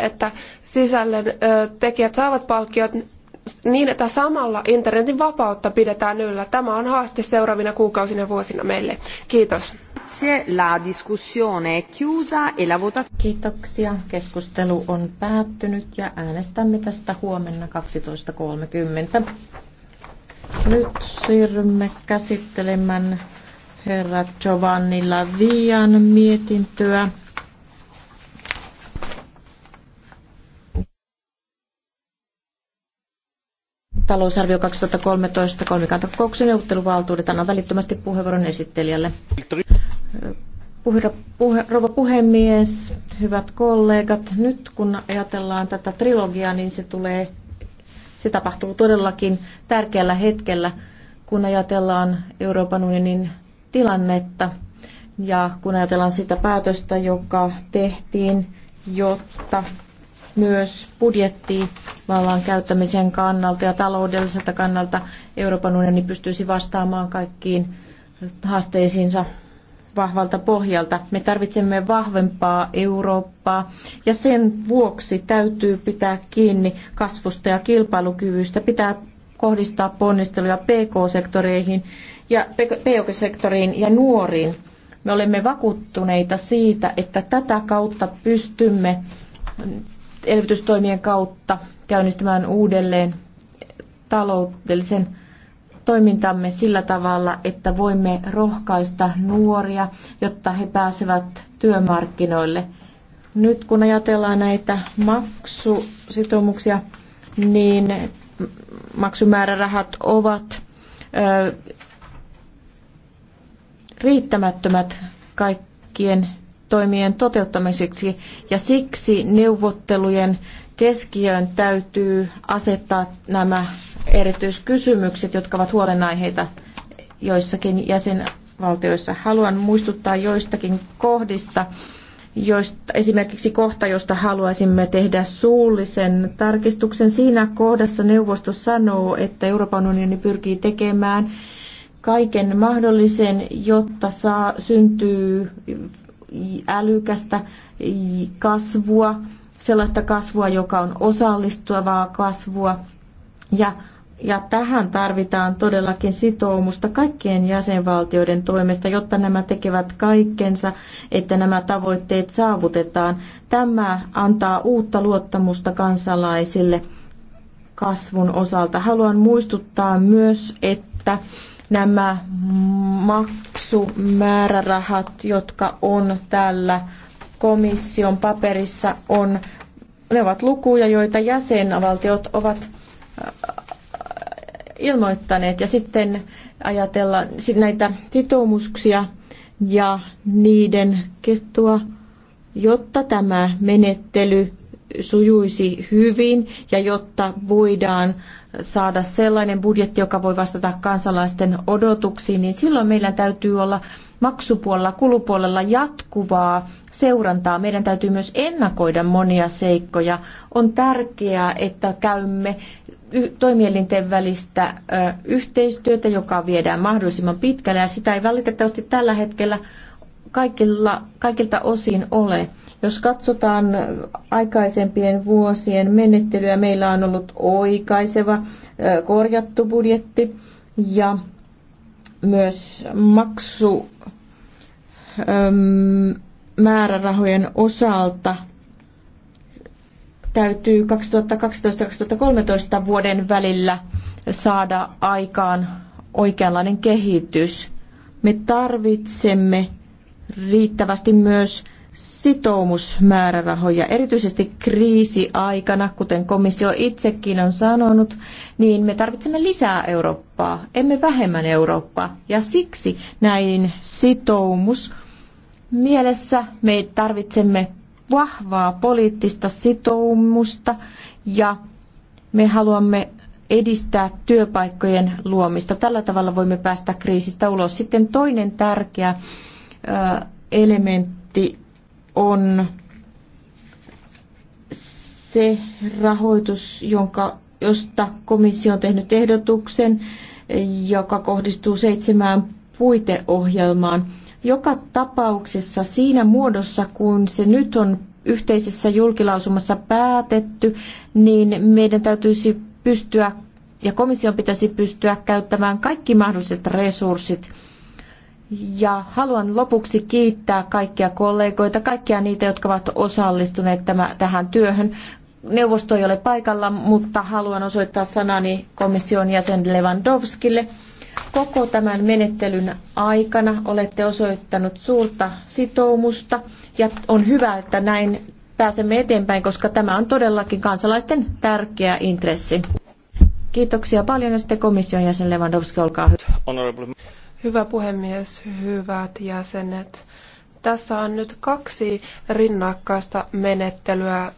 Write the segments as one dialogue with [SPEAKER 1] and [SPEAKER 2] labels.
[SPEAKER 1] että sisällön tekijät saavat palkkiot niin, että samalla internetin vapautta pidetään yllä. Tämä on haaste seuraavina kuukausina ja vuosina meille. Kiitos. La discussione è chiusa e la vota... Kiitoksia. Keskustelu
[SPEAKER 2] on päättynyt ja äänestämme tästä huomenna 12.30. Nyt siirrymme käsittelemään herra Giovanni Lavian mietintöä. talousarvio 2013 kolmikantakokouksen neuvotteluvaltuudet. Annan välittömästi puheenvuoron esittelijälle. puhe, rouva puhemies, hyvät kollegat, nyt kun ajatellaan tätä trilogiaa, niin se tulee, se tapahtuu todellakin tärkeällä hetkellä, kun ajatellaan Euroopan unionin tilannetta ja kun ajatellaan sitä päätöstä, joka tehtiin, jotta myös budjettivallan käyttämisen kannalta ja taloudelliselta kannalta Euroopan unioni pystyisi vastaamaan kaikkiin haasteisiinsa vahvalta pohjalta. Me tarvitsemme vahvempaa Eurooppaa ja sen vuoksi täytyy pitää kiinni kasvusta ja kilpailukyvystä, pitää kohdistaa ponnisteluja PK-sektoreihin ja PK-sektoriin ja nuoriin. Me olemme vakuuttuneita siitä, että tätä kautta pystymme elvytystoimien kautta käynnistämään uudelleen taloudellisen toimintamme sillä tavalla, että voimme rohkaista nuoria, jotta he pääsevät työmarkkinoille. Nyt kun ajatellaan näitä maksusitoumuksia, niin maksumäärärahat ovat ö, riittämättömät kaikkien toimien toteuttamiseksi ja siksi neuvottelujen keskiöön täytyy asettaa nämä erityiskysymykset, jotka ovat huolenaiheita joissakin jäsenvaltioissa. Haluan muistuttaa joistakin kohdista, joista, esimerkiksi kohta, josta haluaisimme tehdä suullisen tarkistuksen. Siinä kohdassa neuvosto sanoo, että Euroopan unioni pyrkii tekemään kaiken mahdollisen, jotta saa syntyy älykästä kasvua, sellaista kasvua, joka on osallistuvaa kasvua. Ja, ja tähän tarvitaan todellakin sitoumusta kaikkien jäsenvaltioiden toimesta, jotta nämä tekevät kaikkensa, että nämä tavoitteet saavutetaan. Tämä antaa uutta luottamusta kansalaisille kasvun osalta. Haluan muistuttaa myös, että nämä maksumäärärahat, jotka on täällä komission paperissa, on, ne ovat lukuja, joita jäsenvaltiot ovat äh, ilmoittaneet ja sitten ajatella näitä sitoumuksia ja niiden kestoa, jotta tämä menettely sujuisi hyvin ja jotta voidaan saada sellainen budjetti, joka voi vastata kansalaisten odotuksiin, niin silloin meillä täytyy olla maksupuolella, kulupuolella jatkuvaa seurantaa. Meidän täytyy myös ennakoida monia seikkoja. On tärkeää, että käymme toimielinten välistä yhteistyötä, joka viedään mahdollisimman pitkälle, ja sitä ei valitettavasti tällä hetkellä kaikilla, kaikilta osin ole. Jos katsotaan aikaisempien vuosien menettelyä, meillä on ollut oikaiseva korjattu budjetti ja myös maksu määrärahojen osalta täytyy 2012-2013 vuoden välillä saada aikaan oikeanlainen kehitys. Me tarvitsemme riittävästi myös sitoumusmäärärahoja, erityisesti kriisiaikana, kuten komissio itsekin on sanonut, niin me tarvitsemme lisää Eurooppaa, emme vähemmän Eurooppaa. Ja siksi näin sitoumus mielessä me tarvitsemme vahvaa poliittista sitoumusta ja me haluamme edistää työpaikkojen luomista. Tällä tavalla voimme päästä kriisistä ulos. Sitten toinen tärkeä elementti on se rahoitus, jonka, josta komissio on tehnyt ehdotuksen, joka kohdistuu seitsemään puiteohjelmaan. Joka tapauksessa siinä muodossa, kun se nyt on yhteisessä julkilausumassa päätetty, niin meidän täytyisi pystyä ja komission pitäisi pystyä käyttämään kaikki mahdolliset resurssit ja haluan lopuksi kiittää kaikkia kollegoita, kaikkia niitä, jotka ovat osallistuneet tämä, tähän työhön. Neuvosto ei ole paikalla, mutta haluan osoittaa sanani komission jäsen Lewandowskille. Koko tämän menettelyn aikana olette osoittanut suurta sitoumusta ja on hyvä, että näin pääsemme eteenpäin, koska tämä on todellakin kansalaisten tärkeä intressi. Kiitoksia paljon ja sitten komission jäsen Lewandowski, olkaa hyvä.
[SPEAKER 1] Hyvä puhemies, hyvät jäsenet. Tässä on nyt kaksi rinnakkaista menettelyä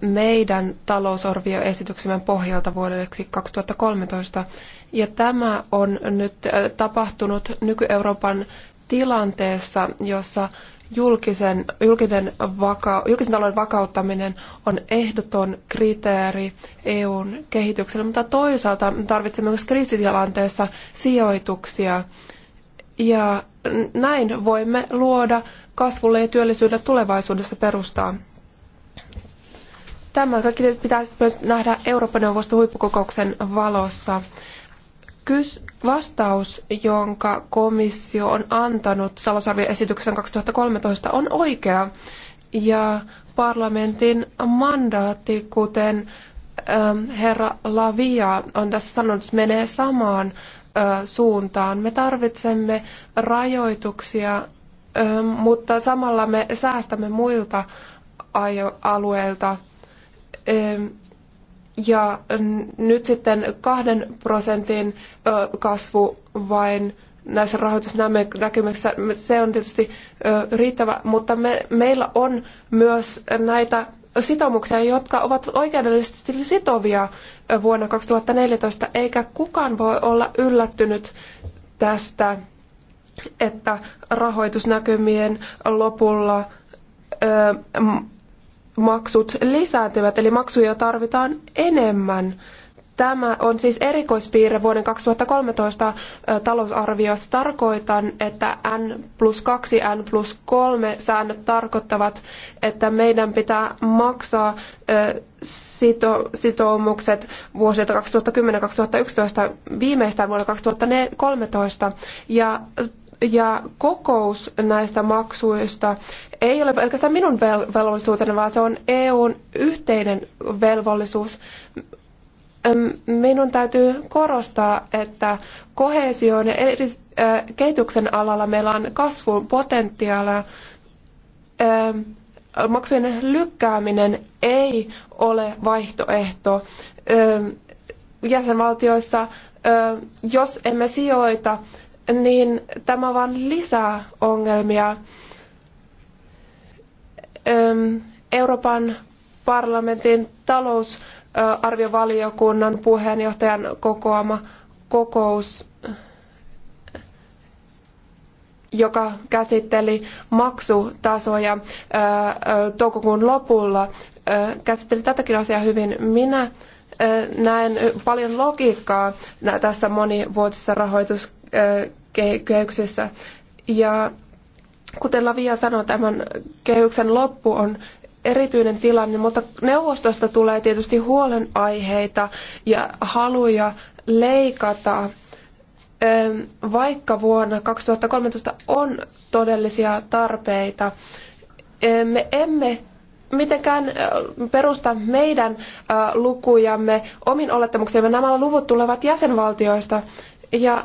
[SPEAKER 1] meidän talousarvioesityksemme pohjalta vuodeksi 2013. Ja tämä on nyt tapahtunut nyky-Euroopan tilanteessa, jossa julkisen, julkinen vaka, julkisen talouden vakauttaminen on ehdoton kriteeri EUn kehitykselle, mutta toisaalta me tarvitsemme myös kriisitilanteessa sijoituksia. Ja näin voimme luoda kasvulle ja työllisyydelle tulevaisuudessa perustaa. Tämä kaikki pitää myös nähdä Euroopan neuvoston huippukokouksen valossa kys- vastaus, jonka komissio on antanut talousarvioesityksen 2013, on oikea. Ja parlamentin mandaatti, kuten ähm, herra Lavia on tässä sanonut, menee samaan suuntaan. Me tarvitsemme rajoituksia, mutta samalla me säästämme muilta alueilta ja nyt sitten kahden prosentin kasvu vain näissä rahoitusnäkymissä, se on tietysti riittävä, mutta me, meillä on myös näitä sitoumuksia, jotka ovat oikeudellisesti sitovia vuonna 2014, eikä kukaan voi olla yllättynyt tästä, että rahoitusnäkymien lopulla maksut lisääntyvät, eli maksuja tarvitaan enemmän. Tämä on siis erikoispiirre vuoden 2013 talousarviossa. Tarkoitan, että N plus 2, N plus 3 säännöt tarkoittavat, että meidän pitää maksaa sito, sitoumukset vuosilta 2010-2011 viimeistään vuonna 2013. Ja ja kokous näistä maksuista ei ole pelkästään minun vel- velvollisuuteni, vaan se on EUn yhteinen velvollisuus. Minun täytyy korostaa, että kohesion ja eri, äh, kehityksen alalla meillä on kasvun potentiaalia. Äh, maksujen lykkääminen ei ole vaihtoehto. Äh, jäsenvaltioissa, äh, jos emme sijoita äh, niin tämä vaan lisää ongelmia. Euroopan parlamentin talousarviovaliokunnan puheenjohtajan kokoama kokous, joka käsitteli maksutasoja toukokuun lopulla, käsitteli tätäkin asiaa hyvin. Minä näen paljon logiikkaa tässä monivuotisessa rahoitus kehyksessä. Ja kuten Lavia sanoi, tämän kehyksen loppu on erityinen tilanne, mutta neuvostosta tulee tietysti huolenaiheita ja haluja leikata, vaikka vuonna 2013 on todellisia tarpeita. Me emme mitenkään perusta meidän lukujamme omin olettamuksemme. Nämä luvut tulevat jäsenvaltioista ja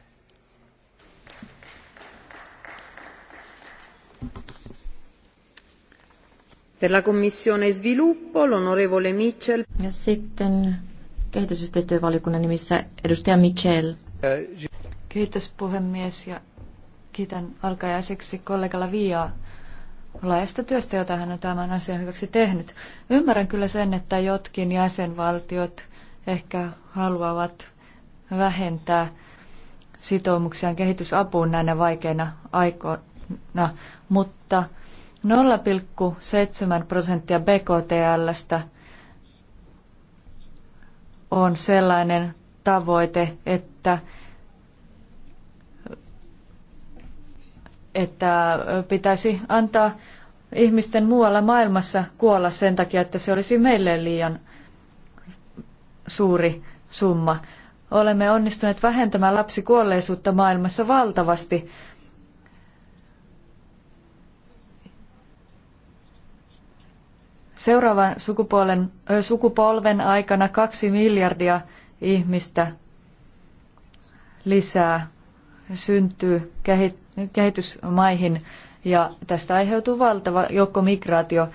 [SPEAKER 3] Per la Commissione Sviluppo, l'onorevole Mitchell. Ja
[SPEAKER 2] sitten kehitysyhteistyövaliokunnan nimissä edustaja Mitchell.
[SPEAKER 4] Kiitos puhemies ja kiitän alkajaiseksi kollegalla Viaa laajasta työstä, jota hän on tämän asian hyväksi tehnyt. Ymmärrän kyllä sen, että jotkin jäsenvaltiot ehkä haluavat vähentää sitoumuksiaan kehitysapuun näinä vaikeina aikoina, mutta – 0,7 prosenttia BKTLstä on sellainen tavoite, että, että pitäisi antaa ihmisten muualla maailmassa kuolla sen takia, että se olisi meille liian suuri summa. Olemme onnistuneet vähentämään lapsikuolleisuutta maailmassa valtavasti, Seuraavan sukupolven aikana kaksi miljardia ihmistä lisää syntyy kehitysmaihin ja tästä aiheutuu valtava joukko migraatio,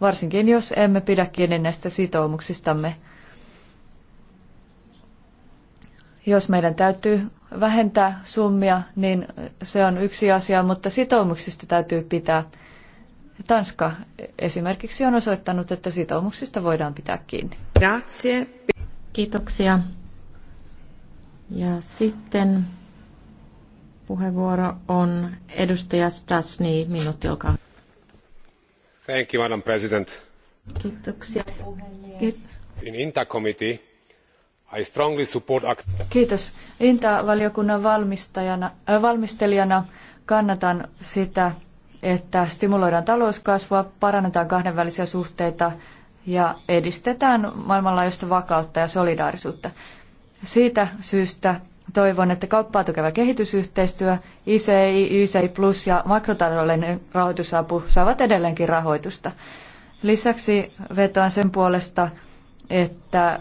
[SPEAKER 4] varsinkin jos emme pidä kiinni näistä sitoumuksistamme. Jos meidän täytyy vähentää summia, niin se on yksi asia, mutta sitoumuksista täytyy pitää Tanska esimerkiksi on osoittanut, että sitoumuksista voidaan pitää kiinni. Grazie.
[SPEAKER 2] Kiitoksia. Ja sitten puheenvuoro on edustaja Stasny. Minuutti, olkaa
[SPEAKER 5] Thank you, Madam President.
[SPEAKER 2] Kiitoksia
[SPEAKER 5] puhemies. Kiitos. In INTA committee, I strongly support...
[SPEAKER 4] Kiitos. INTA-valiokunnan valmistajana, äh, valmistelijana kannatan sitä, että stimuloidaan talouskasvua, parannetaan kahdenvälisiä suhteita ja edistetään maailmanlaajuista vakautta ja solidaarisuutta. Siitä syystä toivon, että kauppaa tukeva kehitysyhteistyö, ICI, ICI Plus ja makrotaloudellinen rahoitusapu saavat edelleenkin rahoitusta. Lisäksi vetoan sen puolesta, että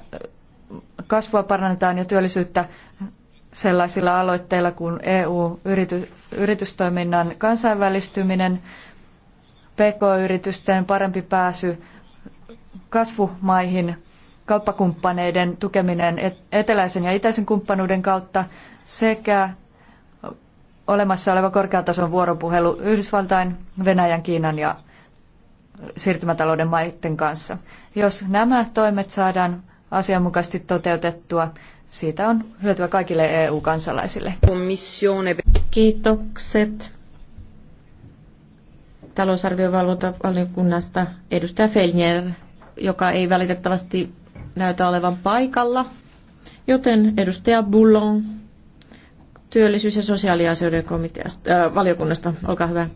[SPEAKER 4] kasvua parannetaan ja työllisyyttä sellaisilla aloitteilla kuin EU-yritys yritystoiminnan kansainvälistyminen, pk-yritysten parempi pääsy kasvumaihin, kauppakumppaneiden tukeminen eteläisen ja itäisen kumppanuuden kautta sekä olemassa oleva korkeatason vuoropuhelu Yhdysvaltain, Venäjän, Kiinan ja siirtymätalouden maiden kanssa. Jos nämä toimet saadaan asianmukaisesti toteutettua, siitä on hyötyä kaikille EU-kansalaisille.
[SPEAKER 2] Kiitokset talousarviovalvontavaliokunnasta edustaja Felnier, joka ei valitettavasti näytä olevan paikalla. Joten edustaja Bullon työllisyys- ja sosiaaliasioiden komiteasta, äh, valiokunnasta, olkaa hyvä.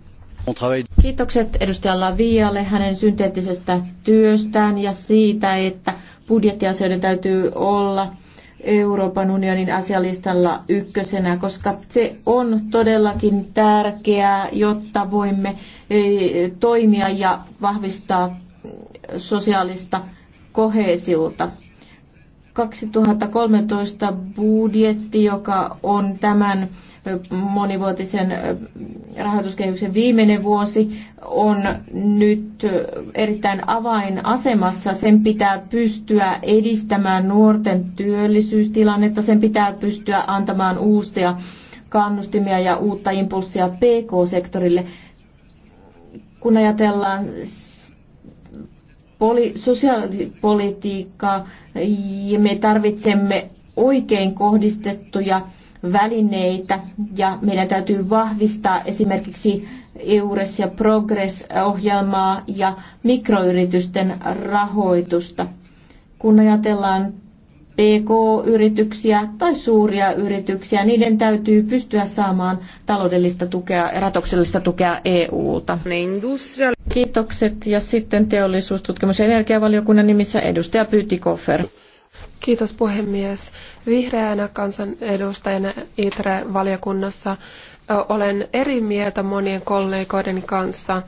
[SPEAKER 2] Kiitokset edustaja Lavialle hänen synteettisestä työstään ja siitä, että budjettiasioiden täytyy olla – Euroopan unionin asialistalla ykkösenä, koska se on todellakin tärkeää, jotta voimme e, toimia ja vahvistaa sosiaalista kohesiota. 2013 budjetti, joka on tämän monivuotisen rahoituskehyksen viimeinen vuosi, on nyt erittäin avainasemassa. Sen pitää pystyä edistämään nuorten työllisyystilannetta, sen pitää pystyä antamaan uusia kannustimia ja uutta impulssia PK-sektorille. Kun ajatellaan poli- sosiaalipolitiikkaa ja me tarvitsemme oikein kohdistettuja välineitä ja meidän täytyy vahvistaa esimerkiksi EURES ja PROGRESS-ohjelmaa ja mikroyritysten rahoitusta. Kun ajatellaan PK-yrityksiä tai suuria yrityksiä. Niiden täytyy pystyä saamaan taloudellista tukea ja ratoksellista tukea EU-ta. Kiitokset ja sitten teollisuustutkimus- ja energiavaliokunnan nimissä edustaja Pyytikoffer.
[SPEAKER 1] Kiitos puhemies. Vihreänä kansanedustajana ITRE-valiokunnassa olen eri mieltä monien kollegoiden kanssa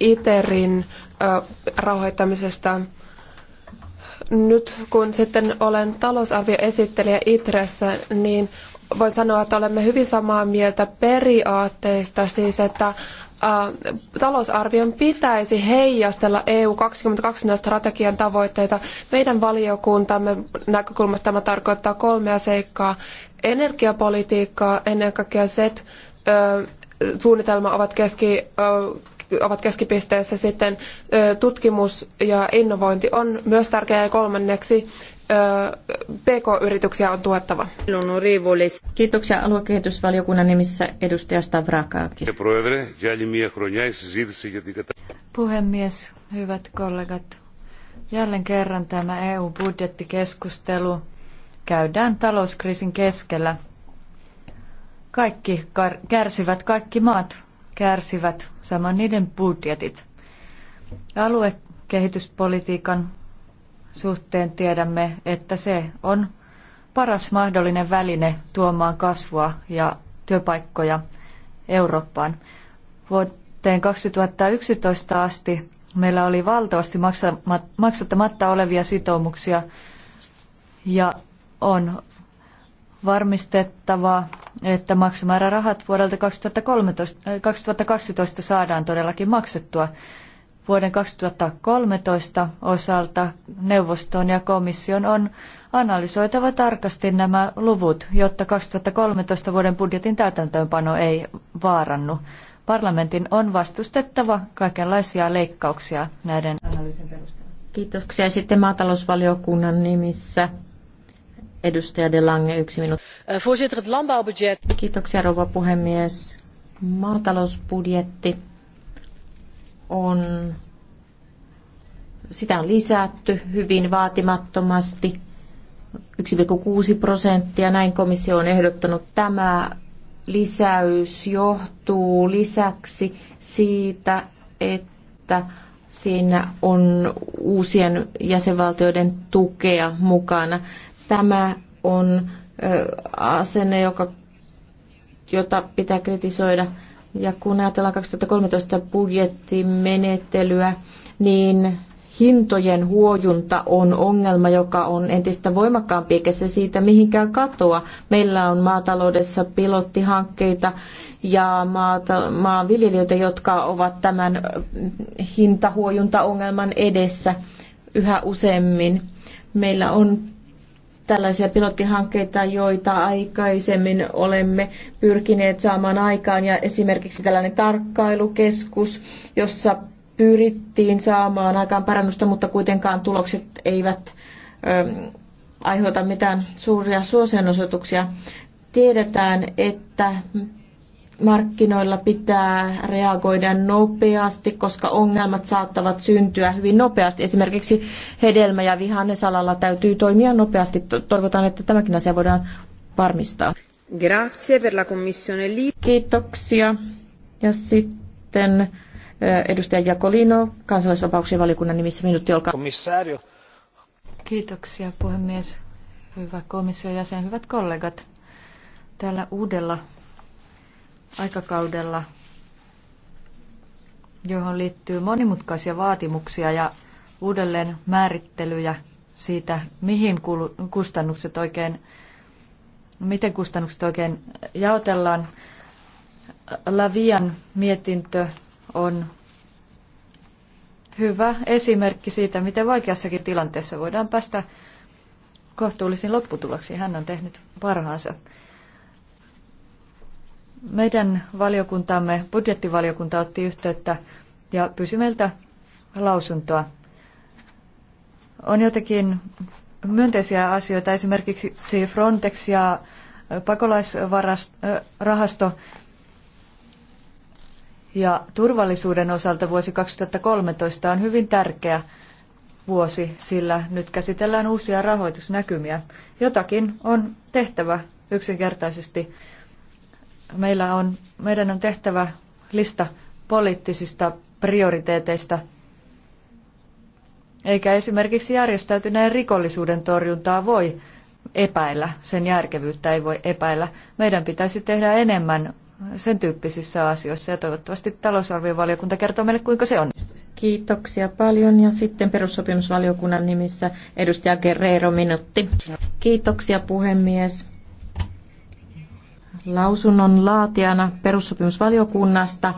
[SPEAKER 1] ITERin rahoittamisesta nyt kun sitten olen talousarvioesittelijä Itressä, niin voin sanoa, että olemme hyvin samaa mieltä periaatteista, siis että talousarvion pitäisi heijastella EU 22 strategian tavoitteita. Meidän valiokuntamme näkökulmasta tämä tarkoittaa kolmea seikkaa. Energiapolitiikkaa, ennen kaikkea SET, suunnitelma ovat keski ovat keskipisteessä sitten tutkimus ja innovointi on myös tärkeää ja kolmanneksi PK-yrityksiä on
[SPEAKER 2] tuettava. Kiitoksia aluekehitysvaliokunnan nimissä edustaja Stavrakakis.
[SPEAKER 4] Puhemies, hyvät kollegat. Jälleen kerran tämä EU-budjettikeskustelu käydään talouskriisin keskellä. Kaikki kärsivät, kaikki maat kärsivät, saman niiden budjetit. Aluekehityspolitiikan suhteen tiedämme, että se on paras mahdollinen väline tuomaan kasvua ja työpaikkoja Eurooppaan. Vuoteen 2011 asti meillä oli valtavasti maksamatta olevia sitoumuksia ja on varmistettava, että maksimäärärahat vuodelta 2013, 2012 äh, saadaan todellakin maksettua. Vuoden 2013 osalta neuvoston ja komission on analysoitava tarkasti nämä luvut, jotta 2013 vuoden budjetin täytäntöönpano ei vaarannu. Parlamentin on vastustettava kaikenlaisia
[SPEAKER 2] leikkauksia näiden analyysin perusteella. Kiitoksia sitten maatalousvaliokunnan nimissä. Edustaja De Lange, yksi minuutti. Eh, voorzitter, het landbouwbudget. Kiitoksia rouva puhemies. Maatalousbudjetti on, sitä on lisätty hyvin vaatimattomasti. 1,6 prosenttia, näin komissio on ehdottanut. Tämä lisäys johtuu lisäksi siitä, että siinä on uusien jäsenvaltioiden tukea mukana. Tämä on asenne, joka, jota pitää kritisoida. Ja kun ajatellaan 2013 budjettimenettelyä, niin hintojen huojunta on ongelma, joka on entistä voimakkaampi, eikä se siitä mihinkään katoa. Meillä on maataloudessa pilottihankkeita ja maata, maanviljelijöitä, jotka ovat tämän hintahuojuntaongelman edessä yhä useammin. Meillä on tällaisia pilottihankkeita, joita aikaisemmin olemme pyrkineet saamaan aikaan. Ja esimerkiksi tällainen tarkkailukeskus, jossa pyrittiin saamaan aikaan parannusta, mutta kuitenkaan tulokset eivät ö, ähm, aiheuta mitään suuria suosionosoituksia. Tiedetään, että markkinoilla pitää reagoida nopeasti, koska ongelmat saattavat syntyä hyvin nopeasti. Esimerkiksi hedelmä- ja vihannesalalla täytyy toimia nopeasti. Toivotaan, että tämäkin asia voidaan varmistaa.
[SPEAKER 3] Grazie per la commissione Kiitoksia. Ja sitten
[SPEAKER 2] eh, edustaja Jakolino, kansalaisvapauksien valiokunnan nimissä minuutti, olkaa. Komissaario. Kiitoksia
[SPEAKER 4] puhemies. Hyvä komission jäsen, hyvät kollegat. Tällä uudella aikakaudella, johon liittyy monimutkaisia vaatimuksia ja uudelleen määrittelyjä siitä, mihin kustannukset oikein, miten kustannukset oikein jaotellaan. Lavian mietintö on hyvä esimerkki siitä, miten vaikeassakin tilanteessa voidaan päästä kohtuullisiin lopputuloksiin. Hän on tehnyt parhaansa. Meidän valiokuntamme, budjettivaliokunta otti yhteyttä ja pyysi meiltä lausuntoa. On jotenkin myönteisiä asioita, esimerkiksi Frontex ja pakolaisrahasto ja turvallisuuden osalta vuosi 2013 on hyvin tärkeä vuosi, sillä nyt käsitellään uusia rahoitusnäkymiä. Jotakin on tehtävä yksinkertaisesti meillä on, meidän on tehtävä lista poliittisista prioriteeteista, eikä esimerkiksi järjestäytyneen rikollisuuden torjuntaa voi epäillä, sen järkevyyttä ei voi epäillä. Meidän pitäisi tehdä
[SPEAKER 2] enemmän sen tyyppisissä asioissa ja toivottavasti talousarviovaliokunta kertoo meille, kuinka se on. Kiitoksia paljon ja sitten perussopimusvaliokunnan nimissä edustaja Guerrero minuutti. Kiitoksia puhemies lausunnon laatijana perussopimusvaliokunnasta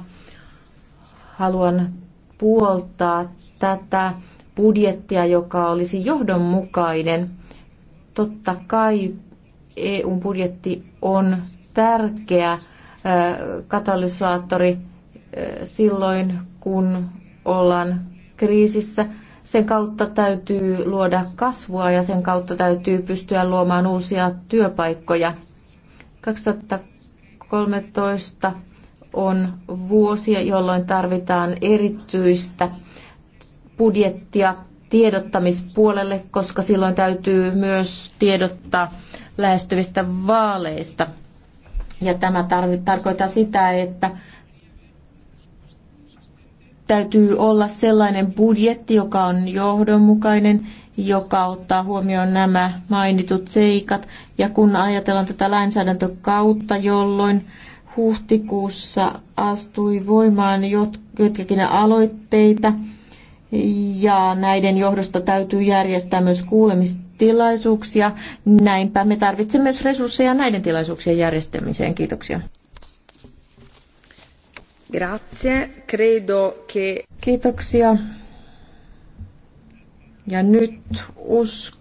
[SPEAKER 2] haluan puoltaa tätä budjettia, joka olisi johdonmukainen. Totta kai eu budjetti on tärkeä katalysaattori silloin, kun ollaan kriisissä. Sen kautta täytyy luoda kasvua ja sen kautta täytyy pystyä luomaan uusia työpaikkoja – 2013 on vuosia, jolloin tarvitaan erityistä budjettia tiedottamispuolelle, koska silloin täytyy myös tiedottaa lähestyvistä vaaleista. Ja tämä tarkoittaa sitä, että täytyy olla sellainen budjetti, joka on johdonmukainen joka ottaa huomioon nämä mainitut seikat. Ja kun ajatellaan tätä lainsäädäntökautta, jolloin huhtikuussa astui voimaan jotkakin aloitteita, ja näiden johdosta täytyy järjestää myös kuulemistilaisuuksia. Näinpä me tarvitsemme myös resursseja näiden tilaisuuksien järjestämiseen. Kiitoksia.
[SPEAKER 3] Grazie. Credo che...
[SPEAKER 2] Kiitoksia. Ja nyt us...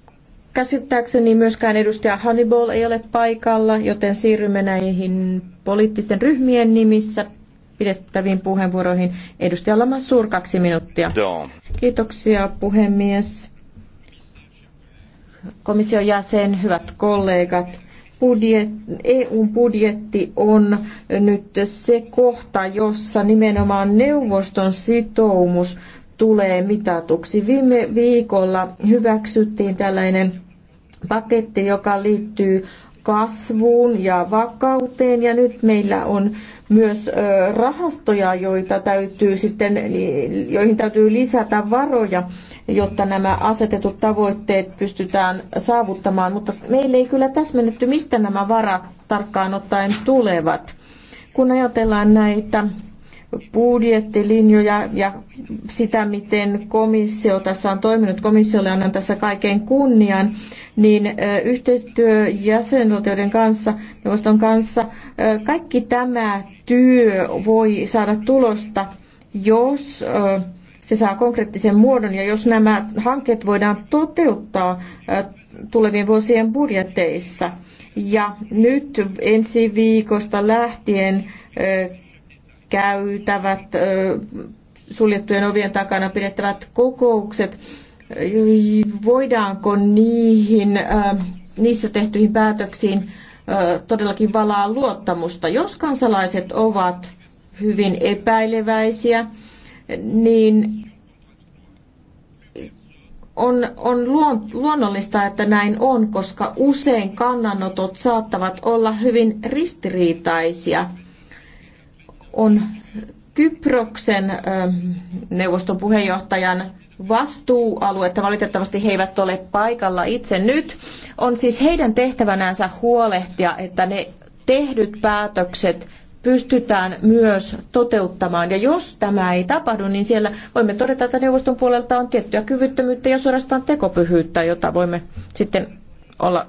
[SPEAKER 2] käsittääkseni myöskään edustaja Hannibal ei ole paikalla, joten siirrymme näihin poliittisten ryhmien nimissä pidettäviin puheenvuoroihin. Edustaja Lamassur, kaksi minuuttia. Kiitoksia puhemies. Komission jäsen, hyvät kollegat. Budjet, EUn budjetti on nyt se kohta, jossa nimenomaan neuvoston sitoumus tulee mitatuksi. Viime viikolla hyväksyttiin tällainen paketti, joka liittyy kasvuun ja vakauteen ja nyt meillä on myös rahastoja, joita täytyy sitten, joihin täytyy lisätä varoja, jotta nämä asetetut tavoitteet pystytään saavuttamaan, mutta meille ei kyllä täsmennetty, mistä nämä varat tarkkaan ottaen tulevat. Kun ajatellaan näitä budjettilinjoja ja sitä, miten komissio tässä on toiminut. Komissiolle annan tässä kaiken kunnian, niin yhteistyö jäsenvaltioiden kanssa, neuvoston kanssa, kaikki tämä työ voi saada tulosta, jos se saa konkreettisen muodon ja jos nämä hankkeet voidaan toteuttaa tulevien vuosien budjeteissa. Ja nyt ensi viikosta lähtien käytävät, suljettujen ovien takana pidettävät kokoukset, voidaanko niihin, niissä tehtyihin päätöksiin todellakin valaa luottamusta. Jos kansalaiset ovat hyvin epäileväisiä, niin on, on luonnollista, että näin on, koska usein kannanotot saattavat olla hyvin ristiriitaisia on Kyproksen neuvoston puheenjohtajan vastuualuetta. Valitettavasti he eivät ole paikalla itse nyt. On siis heidän tehtävänänsä huolehtia, että ne tehdyt päätökset pystytään myös toteuttamaan. Ja jos tämä ei tapahdu, niin siellä voimme todeta, että neuvoston puolelta on tiettyä kyvyttömyyttä ja suorastaan tekopyhyyttä, jota voimme sitten olla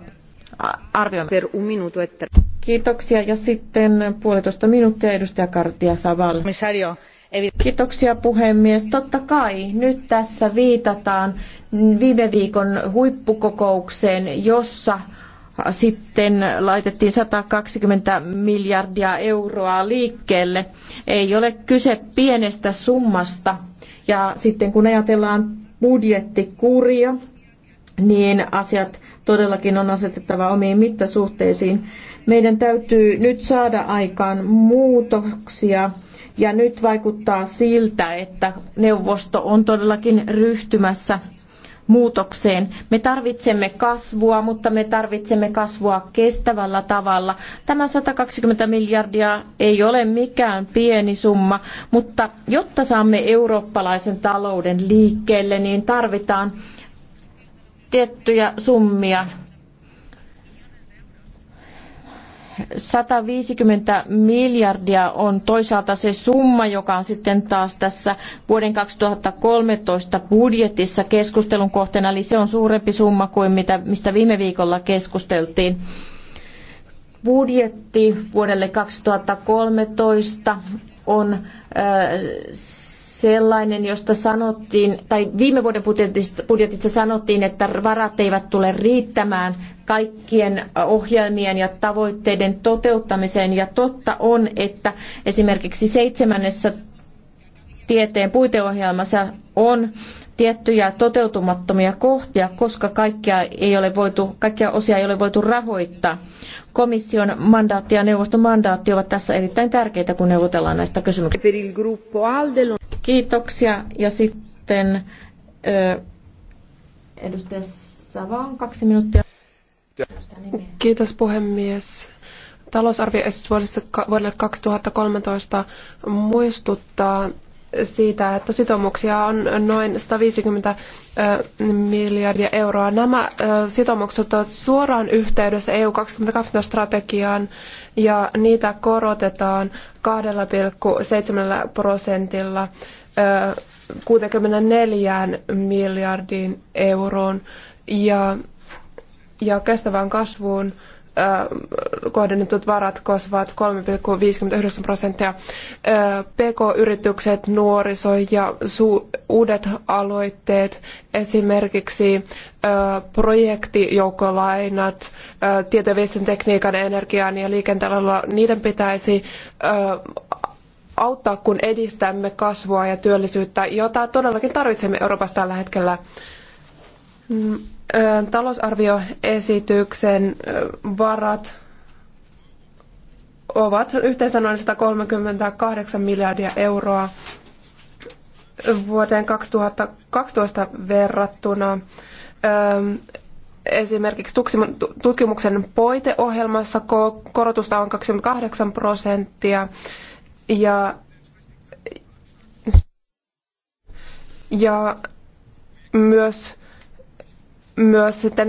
[SPEAKER 2] arvioimaan. Per un minuto, että... Kiitoksia ja sitten puolitoista minuuttia edustaja Kartia Saval. Kiitoksia puhemies. Totta kai nyt tässä viitataan viime viikon huippukokoukseen, jossa sitten laitettiin 120 miljardia euroa liikkeelle. Ei ole kyse pienestä summasta. Ja sitten kun ajatellaan budjettikuria, niin asiat todellakin on asetettava omiin mittasuhteisiin. Meidän täytyy nyt saada aikaan muutoksia ja nyt vaikuttaa siltä, että neuvosto on todellakin ryhtymässä muutokseen. Me tarvitsemme kasvua, mutta me tarvitsemme kasvua kestävällä tavalla. Tämä 120 miljardia ei ole mikään pieni summa, mutta jotta saamme eurooppalaisen talouden liikkeelle, niin tarvitaan tiettyjä summia 150 miljardia on toisaalta se summa, joka on sitten taas tässä vuoden 2013 budjetissa keskustelun kohteena, eli se on suurempi summa kuin mitä, mistä viime viikolla keskusteltiin. Budjetti vuodelle 2013 on äh, sellainen, josta sanottiin, tai viime vuoden budjetista, budjetista sanottiin, että varat eivät tule riittämään kaikkien ohjelmien ja tavoitteiden toteuttamiseen. Ja totta on, että esimerkiksi seitsemännessä tieteen puiteohjelmassa on tiettyjä toteutumattomia kohtia, koska kaikkia, ei ole voitu, kaikkia osia ei ole voitu rahoittaa. Komission mandaatti ja neuvoston mandaatti ovat tässä erittäin tärkeitä, kun neuvotellaan näistä kysymyksistä. Kiitoksia. Ja
[SPEAKER 1] sitten ö, edustaja kaksi minuuttia. Kiitos puhemies talousarvioesitys vuodelle 2013 muistuttaa siitä, että sitoumuksia on noin 150 miljardia euroa. Nämä sitoumukset ovat suoraan yhteydessä EU 2020-strategiaan ja niitä korotetaan 2,7 prosentilla 64 miljardiin euroon ja, ja kestävään kasvuun – kohdennetut varat kosvat 3,59 prosenttia. PK-yritykset, nuoriso ja uudet aloitteet, esimerkiksi projektijoukkolainat, tieto- ja viestintätekniikan, energian ja liikenteellä, niiden pitäisi auttaa, kun edistämme kasvua ja työllisyyttä, jota todellakin tarvitsemme Euroopassa tällä hetkellä. Mm talousarvioesityksen varat ovat yhteensä noin 138 miljardia euroa vuoteen 2012 verrattuna. Esimerkiksi tutkimuksen poiteohjelmassa korotusta on 28 prosenttia ja, ja myös myös sitten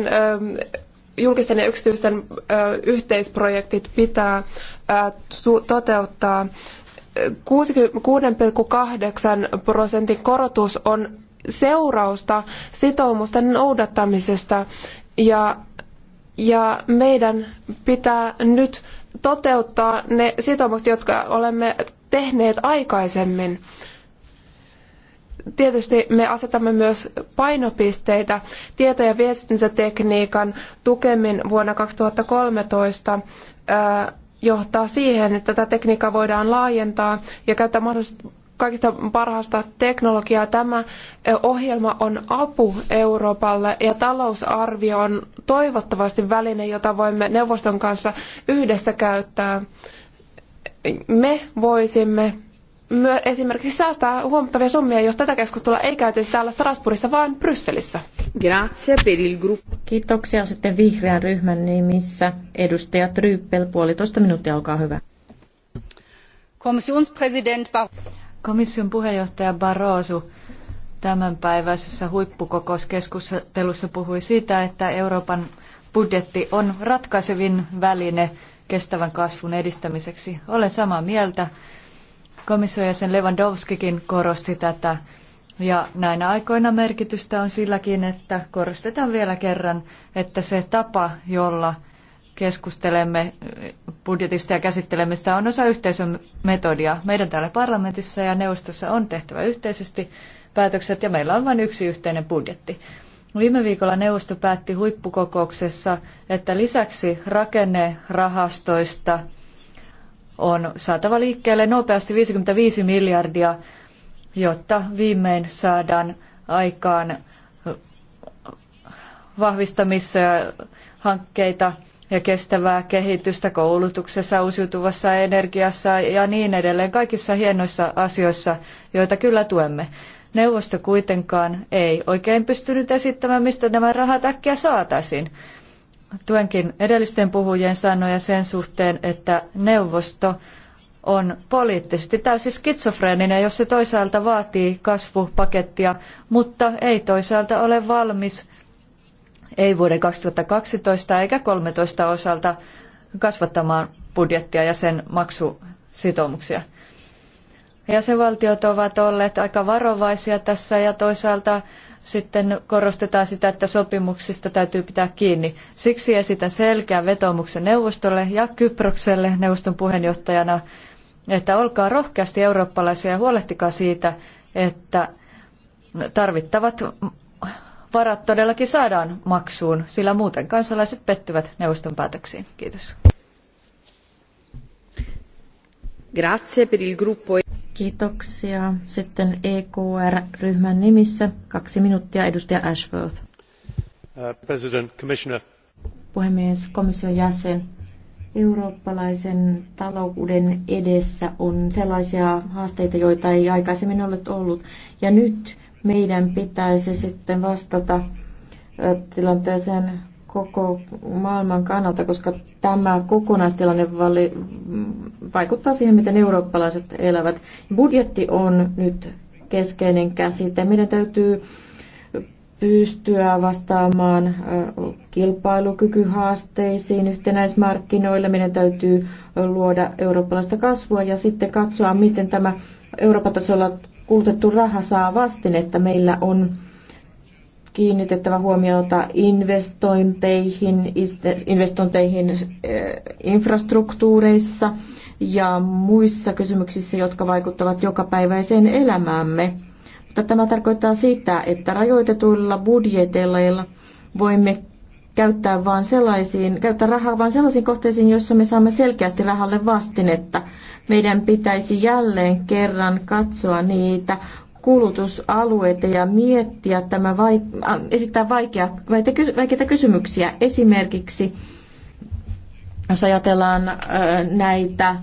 [SPEAKER 1] julkisten ja yksityisten yhteisprojektit pitää toteuttaa. 6,8 prosentin korotus on seurausta sitoumusten noudattamisesta ja, ja meidän pitää nyt toteuttaa ne sitoumukset, jotka olemme tehneet aikaisemmin. Tietysti me asetamme myös painopisteitä tieto- ja viestintätekniikan tukemin vuonna 2013 äh, johtaa siihen, että tätä tekniikkaa voidaan laajentaa ja käyttää mahdollisesti kaikista parhaasta teknologiaa. Tämä äh, ohjelma on apu Euroopalle ja talousarvio on toivottavasti väline, jota voimme neuvoston kanssa yhdessä käyttää. Me voisimme myö, esimerkiksi säästää huomattavia summia, jos tätä keskustelua ei käytäisi täällä Strasbourgissa, vaan Brysselissä. Grazie per il gruppo. Kiitoksia sitten
[SPEAKER 2] vihreän ryhmän nimissä. Edustaja Tryppel, puolitoista minuuttia, olkaa hyvä.
[SPEAKER 4] Komission puheenjohtaja Barroso tämänpäiväisessä huippukokouskeskustelussa puhui siitä, että Euroopan budjetti on ratkaisevin väline kestävän kasvun edistämiseksi. Olen samaa mieltä. Komissiojäsen Lewandowskikin korosti tätä. Ja näinä aikoina merkitystä on silläkin, että korostetaan vielä kerran, että se tapa, jolla keskustelemme budjetista ja käsittelemme sitä, on osa yhteisön metodia. Meidän täällä parlamentissa ja neuvostossa on tehtävä yhteisesti päätökset ja meillä on vain yksi yhteinen budjetti. Viime viikolla neuvosto päätti huippukokouksessa, että lisäksi rakennerahastoista – on saatava liikkeelle nopeasti 55 miljardia, jotta viimein saadaan aikaan vahvistamishankkeita ja kestävää kehitystä koulutuksessa, uusiutuvassa energiassa ja niin edelleen, kaikissa hienoissa asioissa, joita kyllä tuemme. Neuvosto kuitenkaan ei oikein pystynyt esittämään, mistä nämä rahat äkkiä saataisiin tuenkin edellisten puhujien sanoja sen suhteen, että neuvosto on poliittisesti täysin skitsofreeninen, jos se toisaalta vaatii kasvupakettia, mutta ei toisaalta ole valmis, ei vuoden 2012 eikä 13 osalta kasvattamaan budjettia ja sen maksusitoumuksia. Jäsenvaltiot ovat olleet aika varovaisia tässä ja toisaalta sitten korostetaan sitä, että sopimuksista täytyy pitää kiinni. Siksi esitän selkeän vetoomuksen neuvostolle ja Kyprokselle neuvoston puheenjohtajana, että olkaa rohkeasti eurooppalaisia ja huolehtikaa siitä, että tarvittavat varat todellakin saadaan maksuun, sillä muuten kansalaiset pettyvät neuvoston päätöksiin. Kiitos.
[SPEAKER 2] Grazie per il gruppo. Kiitoksia. Sitten EKR-ryhmän nimissä kaksi minuuttia edustaja Ashworth.
[SPEAKER 4] Uh, President, Commissioner.
[SPEAKER 2] Puhemies, komission jäsen. Eurooppalaisen talouden edessä on sellaisia haasteita, joita ei aikaisemmin ole ollut. Ja nyt meidän pitäisi sitten vastata uh, tilanteeseen koko maailman kannalta, koska tämä kokonaistilanne vali, vaikuttaa siihen, miten eurooppalaiset elävät. Budjetti on nyt keskeinen käsite. Meidän täytyy pystyä vastaamaan kilpailukykyhaasteisiin yhtenäismarkkinoilla. Meidän täytyy luoda eurooppalaista kasvua ja sitten katsoa, miten tämä Euroopan tasolla kulutettu raha saa vastin, että meillä on kiinnitettävä huomiota investointeihin, investointeihin eh, infrastruktuureissa ja muissa kysymyksissä, jotka vaikuttavat jokapäiväiseen elämäämme. Mutta tämä tarkoittaa sitä, että rajoitetuilla budjeteilla voimme käyttää, vaan sellaisiin, käyttää rahaa vain sellaisiin kohteisiin, joissa me saamme selkeästi rahalle vastinetta. Meidän pitäisi jälleen kerran katsoa niitä kulutusalueita ja miettiä tämä vaik- esittää vaikea, vaikeita kysymyksiä. Esimerkiksi jos ajatellaan näitä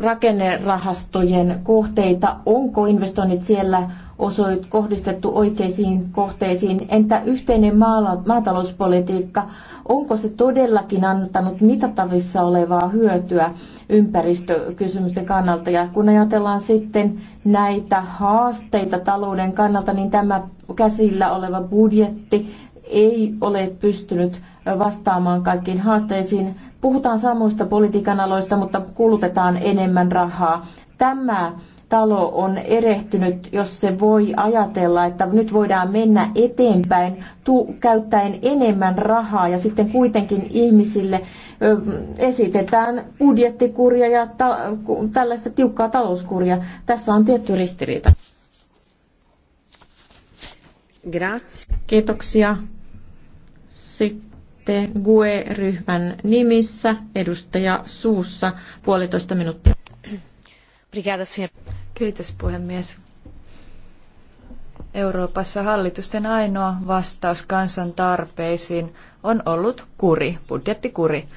[SPEAKER 2] rakennerahastojen kohteita, onko investoinnit siellä osoit kohdistettu oikeisiin kohteisiin? Entä yhteinen maatalouspolitiikka? Onko se todellakin antanut mitattavissa olevaa hyötyä ympäristökysymysten kannalta? Ja kun ajatellaan sitten näitä haasteita talouden kannalta, niin tämä käsillä oleva budjetti ei ole pystynyt vastaamaan kaikkiin haasteisiin. Puhutaan samoista politiikan aloista, mutta kulutetaan enemmän rahaa. Tämä talo on erehtynyt, jos se voi ajatella, että nyt voidaan mennä eteenpäin tu- käyttäen enemmän rahaa ja sitten kuitenkin ihmisille ö, esitetään budjettikuria ja ta- tällaista tiukkaa talouskuria. Tässä on tietty ristiriita. Grazie. Kiitoksia. Sitten GUE-ryhmän nimissä edustaja Suussa puolitoista minuuttia.
[SPEAKER 4] Kiitos puhemies. Euroopassa hallitusten ainoa vastaus kansan tarpeisiin on ollut kuri, budjettikuri.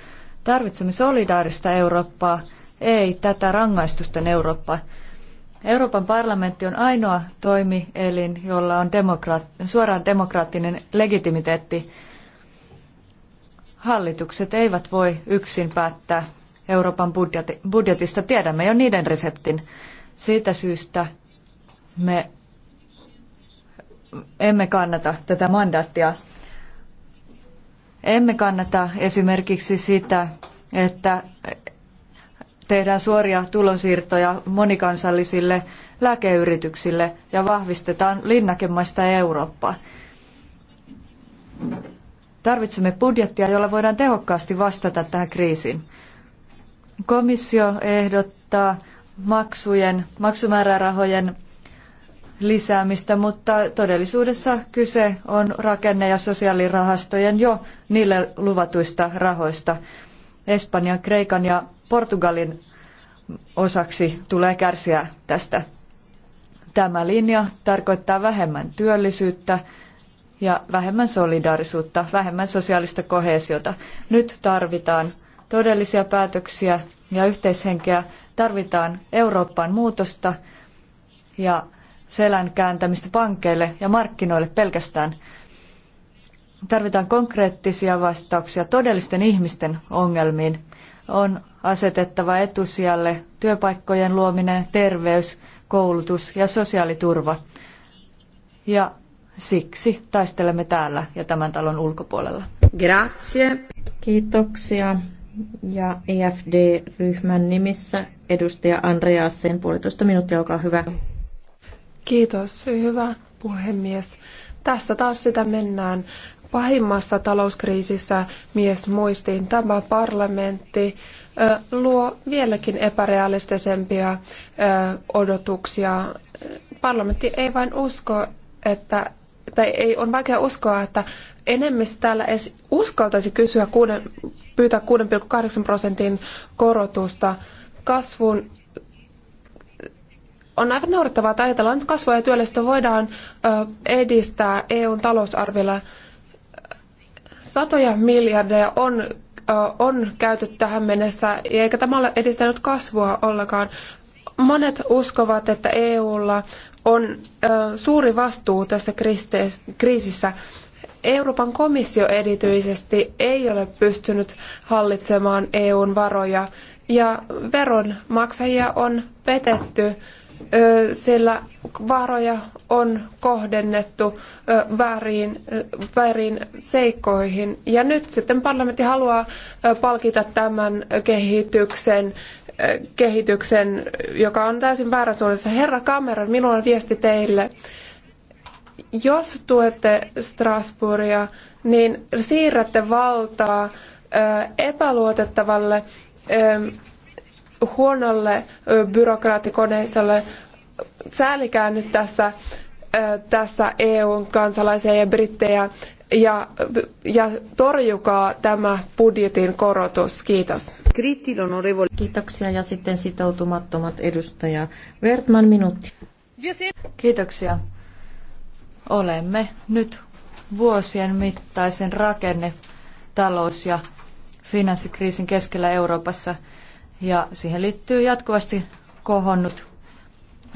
[SPEAKER 4] Tarvitsemme solidaarista Eurooppaa, ei tätä rangaistusten Eurooppaa. Euroopan parlamentti on ainoa toimielin, jolla on demokraat- suoraan demokraattinen legitimiteetti. Hallitukset eivät voi yksin päättää Euroopan budjetista. Tiedämme jo niiden reseptin. Siitä syystä me emme kannata tätä mandaattia. Emme kannata esimerkiksi sitä, että tehdään suoria tulonsiirtoja monikansallisille lääkeyrityksille ja vahvistetaan linnakemaista Eurooppaa. Tarvitsemme budjettia, jolla voidaan tehokkaasti vastata tähän kriisiin. Komissio ehdottaa maksujen, maksumäärärahojen lisäämistä, mutta todellisuudessa kyse on rakenne- ja sosiaalirahastojen jo niille luvatuista rahoista. Espanjan, Kreikan ja Portugalin osaksi tulee kärsiä tästä. Tämä linja tarkoittaa vähemmän työllisyyttä ja vähemmän solidaarisuutta, vähemmän sosiaalista kohesiota. Nyt tarvitaan todellisia päätöksiä ja yhteishenkeä Tarvitaan Eurooppaan muutosta ja selän kääntämistä pankeille ja markkinoille pelkästään. Tarvitaan konkreettisia vastauksia todellisten ihmisten ongelmiin. On asetettava etusijalle työpaikkojen luominen, terveys, koulutus ja sosiaaliturva. Ja siksi taistelemme täällä ja tämän talon ulkopuolella.
[SPEAKER 2] Grazie. Kiitoksia. Ja EFD-ryhmän nimissä edustaja Andreasen puolitoista minuuttia, olkaa hyvä.
[SPEAKER 1] Kiitos, hyvä puhemies. Tässä taas sitä mennään. Pahimmassa talouskriisissä mies muistiin tämä parlamentti luo vieläkin epärealistisempia odotuksia. Parlamentti ei vain usko, että tai ei, on vaikea uskoa, että enemmistö täällä edes uskaltaisi kysyä, kuuden, pyytää 6,8 prosentin korotusta kasvuun on aivan naurettavaa, että ajatellaan, että kasvua ja työllisyyttä voidaan edistää EUn talousarvilla. Satoja miljardeja on, on käytetty tähän mennessä, eikä tämä ole edistänyt kasvua ollenkaan. Monet uskovat, että EUlla on suuri vastuu tässä kriisissä. Euroopan komissio erityisesti ei ole pystynyt hallitsemaan EUn varoja ja veronmaksajia on petetty, sillä varoja on kohdennettu väärin, väärin seikkoihin. Ja nyt sitten parlamentti haluaa palkita tämän kehityksen kehityksen, joka on täysin vääräsuunnassa. Herra Cameron, minulla on viesti teille. Jos tuette Strasbourgia, niin siirrätte valtaa epäluotettavalle huonolle byrokraattikoneistolle. Säälikää nyt tässä, tässä EUn kansalaisia ja brittejä ja, ja torjukaa tämä budjetin korotus. Kiitos.
[SPEAKER 2] Kiitoksia ja sitten sitoutumattomat edustaja Wertman minuutti. Kiitoksia. Olemme nyt vuosien mittaisen
[SPEAKER 4] rakenne, talous- ja finanssikriisin keskellä Euroopassa ja siihen liittyy jatkuvasti kohonnut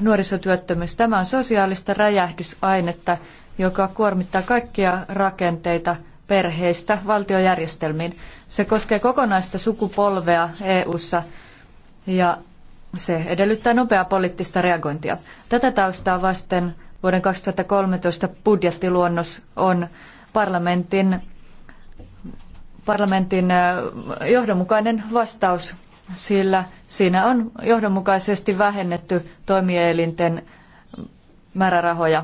[SPEAKER 4] nuorisotyöttömyys. Tämä on sosiaalista räjähdysainetta, joka kuormittaa kaikkia rakenteita perheistä valtiojärjestelmiin. Se koskee kokonaista sukupolvea EU:ssa ja se edellyttää nopeaa poliittista reagointia. Tätä taustaa vasten vuoden 2013 budjettiluonnos on parlamentin parlamentin johdonmukainen vastaus, sillä siinä on johdonmukaisesti vähennetty toimielinten määrärahoja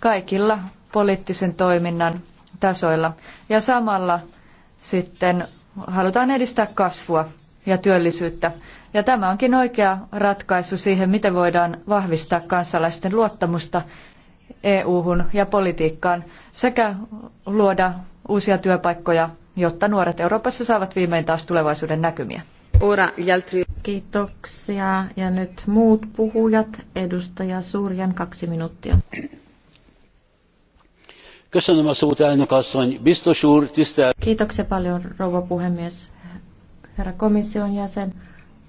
[SPEAKER 4] kaikilla poliittisen toiminnan tasoilla. Ja samalla sitten halutaan edistää kasvua ja työllisyyttä. Ja tämä onkin oikea ratkaisu siihen, miten voidaan vahvistaa kansalaisten luottamusta EU-hun ja politiikkaan sekä luoda uusia työpaikkoja jotta nuoret Euroopassa saavat viimein taas tulevaisuuden näkymiä.
[SPEAKER 2] Kiitoksia. Ja nyt muut puhujat. Edustaja Surjan kaksi minuuttia. Kiitoksia paljon, rouva puhemies. Herra komission jäsen,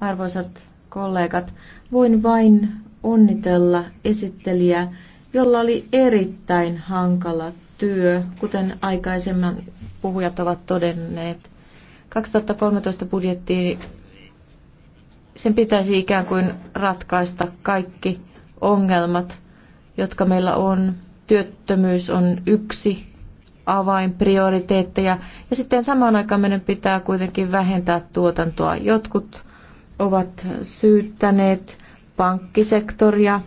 [SPEAKER 2] arvoisat kollegat, voin vain onnitella esittelijää, jolla oli erittäin hankala työ, kuten aikaisemman puhujat ovat todenneet. 2013 budjettiin sen pitäisi ikään kuin ratkaista kaikki ongelmat, jotka meillä on. Työttömyys on yksi avainprioriteetteja. Ja sitten samaan aikaan meidän pitää kuitenkin vähentää tuotantoa. Jotkut ovat syyttäneet pankkisektoria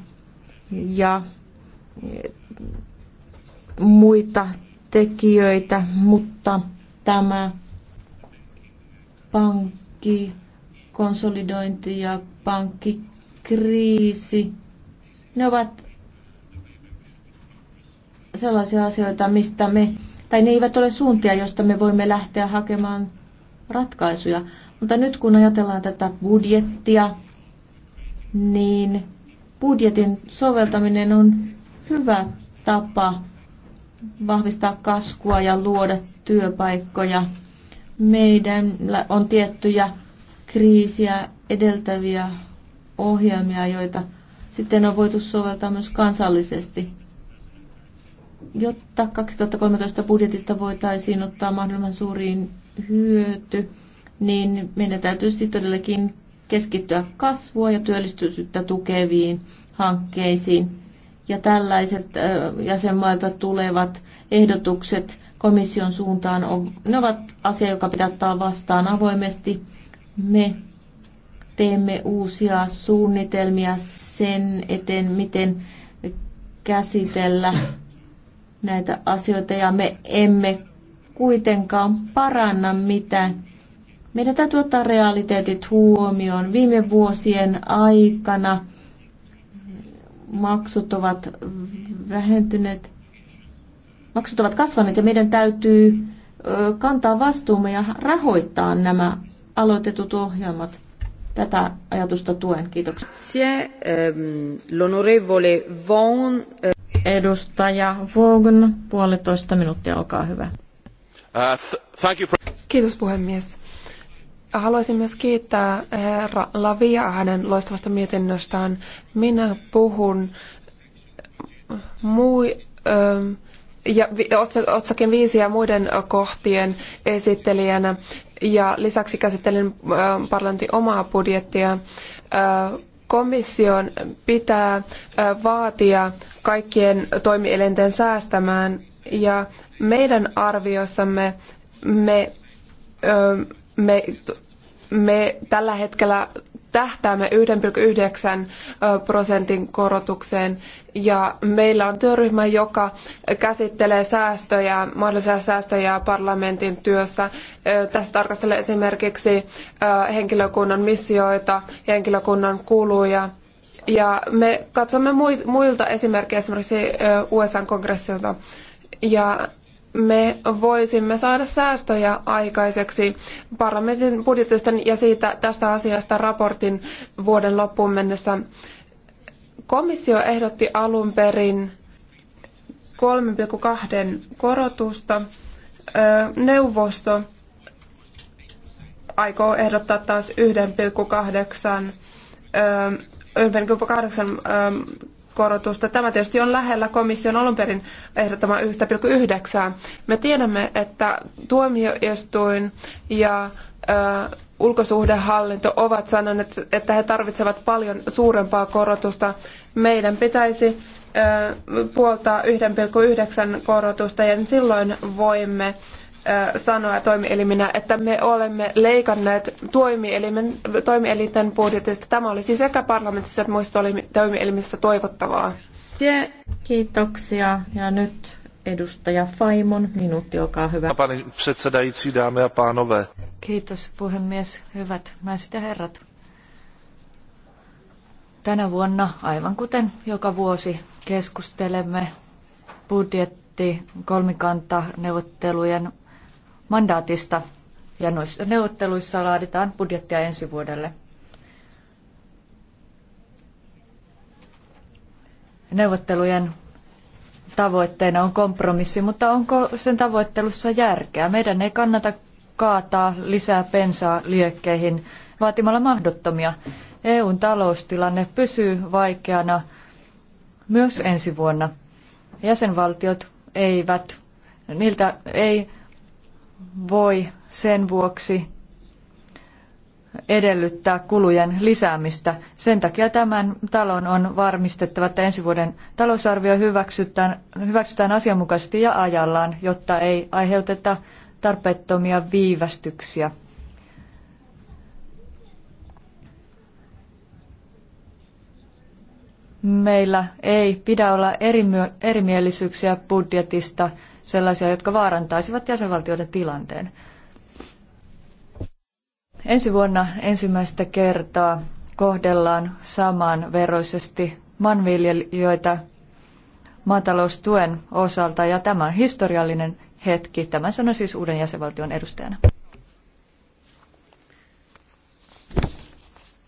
[SPEAKER 2] ja muita tekijöitä, mutta tämä pankki, konsolidointi ja pankkikriisi, ne ovat sellaisia asioita, mistä me, tai ne eivät ole suuntia, josta me voimme lähteä hakemaan ratkaisuja. Mutta nyt kun ajatellaan tätä budjettia, niin budjetin soveltaminen on hyvä tapa vahvistaa kasvua ja luoda työpaikkoja. Meidän on tiettyjä kriisiä edeltäviä ohjelmia, joita sitten on voitu soveltaa myös kansallisesti, jotta 2013 budjetista voitaisiin ottaa mahdollisimman suuriin hyöty, niin meidän täytyisi todellakin keskittyä kasvua ja työllistyisyyttä tukeviin hankkeisiin ja tällaiset jäsenmailta tulevat ehdotukset komission suuntaan, on, ne ovat asia, joka pitää ottaa vastaan avoimesti. Me teemme uusia suunnitelmia sen eteen, miten käsitellä näitä asioita ja me emme kuitenkaan paranna mitään. Meidän täytyy ottaa realiteetit huomioon. Viime vuosien aikana maksut ovat vähentyneet, maksut ovat kasvaneet ja meidän täytyy kantaa vastuumme ja rahoittaa nämä aloitetut ohjelmat. Tätä ajatusta tuen.
[SPEAKER 3] Kiitoksia. Se, ähm, l'onorevole Vaughan.
[SPEAKER 2] Äh, Edustaja Vaughan, puolitoista minuuttia, olkaa hyvä.
[SPEAKER 5] Uh, thank you.
[SPEAKER 1] Kiitos puhemies. Haluaisin myös kiittää herra eh, Lavia hänen loistavasta mietinnöstään. Minä puhun eh, mui, eh, ja otsakin viisi ja muiden kohtien esittelijänä. Ja lisäksi käsittelin parlamentin omaa budjettia. Komission pitää vaatia kaikkien toimielinten säästämään ja meidän arviossamme me, me me tällä hetkellä tähtäämme 1,9 prosentin korotukseen ja meillä on työryhmä, joka käsittelee säästöjä, mahdollisia säästöjä parlamentin työssä. Tässä tarkastelee esimerkiksi henkilökunnan missioita ja henkilökunnan kuluja. Ja me katsomme muilta esimerkkejä esimerkiksi USAn kongressilta. Ja me voisimme saada säästöjä aikaiseksi. Parlamentin budjetista ja siitä tästä asiasta raportin vuoden loppuun mennessä. Komissio ehdotti alun perin 3,2 korotusta. Neuvosto aikoo ehdottaa taas 1,8 1,8 korotusta. Tämä tietysti on lähellä komission alun perin ehdottama 1,9. Me tiedämme, että tuomioistuin ja ö, ulkosuhdehallinto ovat sanoneet, että he tarvitsevat paljon suurempaa korotusta. Meidän pitäisi ö, puoltaa 1,9 korotusta ja silloin voimme ö, Äh, sanoa toimieliminä, että me olemme leikanneet toimielimen, toimielinten budjetista. Tämä olisi siis sekä parlamentissa että muissa toimielimissä toivottavaa.
[SPEAKER 2] Kiitoksia. Ja nyt edustaja Faimon, minuutti, olkaa hyvä. Pani
[SPEAKER 5] předsedající, dámy ja pánové.
[SPEAKER 2] Kiitos puhemies, hyvät naiset ja herrat.
[SPEAKER 4] Tänä vuonna, aivan kuten joka vuosi, keskustelemme budjetti kolmikanta neuvottelujen mandaatista ja noissa neuvotteluissa laaditaan budjettia ensi vuodelle. Neuvottelujen tavoitteena on kompromissi, mutta onko sen tavoittelussa järkeä? Meidän ei kannata kaataa lisää pensaa liekkeihin vaatimalla mahdottomia. EUn taloustilanne pysyy vaikeana myös ensi vuonna. Jäsenvaltiot eivät, niiltä ei voi sen vuoksi edellyttää kulujen lisäämistä. Sen takia tämän talon on varmistettava, että ensi vuoden talousarvio hyväksytään, hyväksytään asianmukaisesti ja ajallaan, jotta ei aiheuteta tarpeettomia viivästyksiä. Meillä ei pidä olla erimielisyyksiä budjetista sellaisia, jotka vaarantaisivat jäsenvaltioiden tilanteen. Ensi vuonna ensimmäistä kertaa kohdellaan samanveroisesti maanviljelijöitä maataloustuen osalta ja tämä on historiallinen hetki. Tämän sanoi siis uuden jäsenvaltion
[SPEAKER 2] edustajana.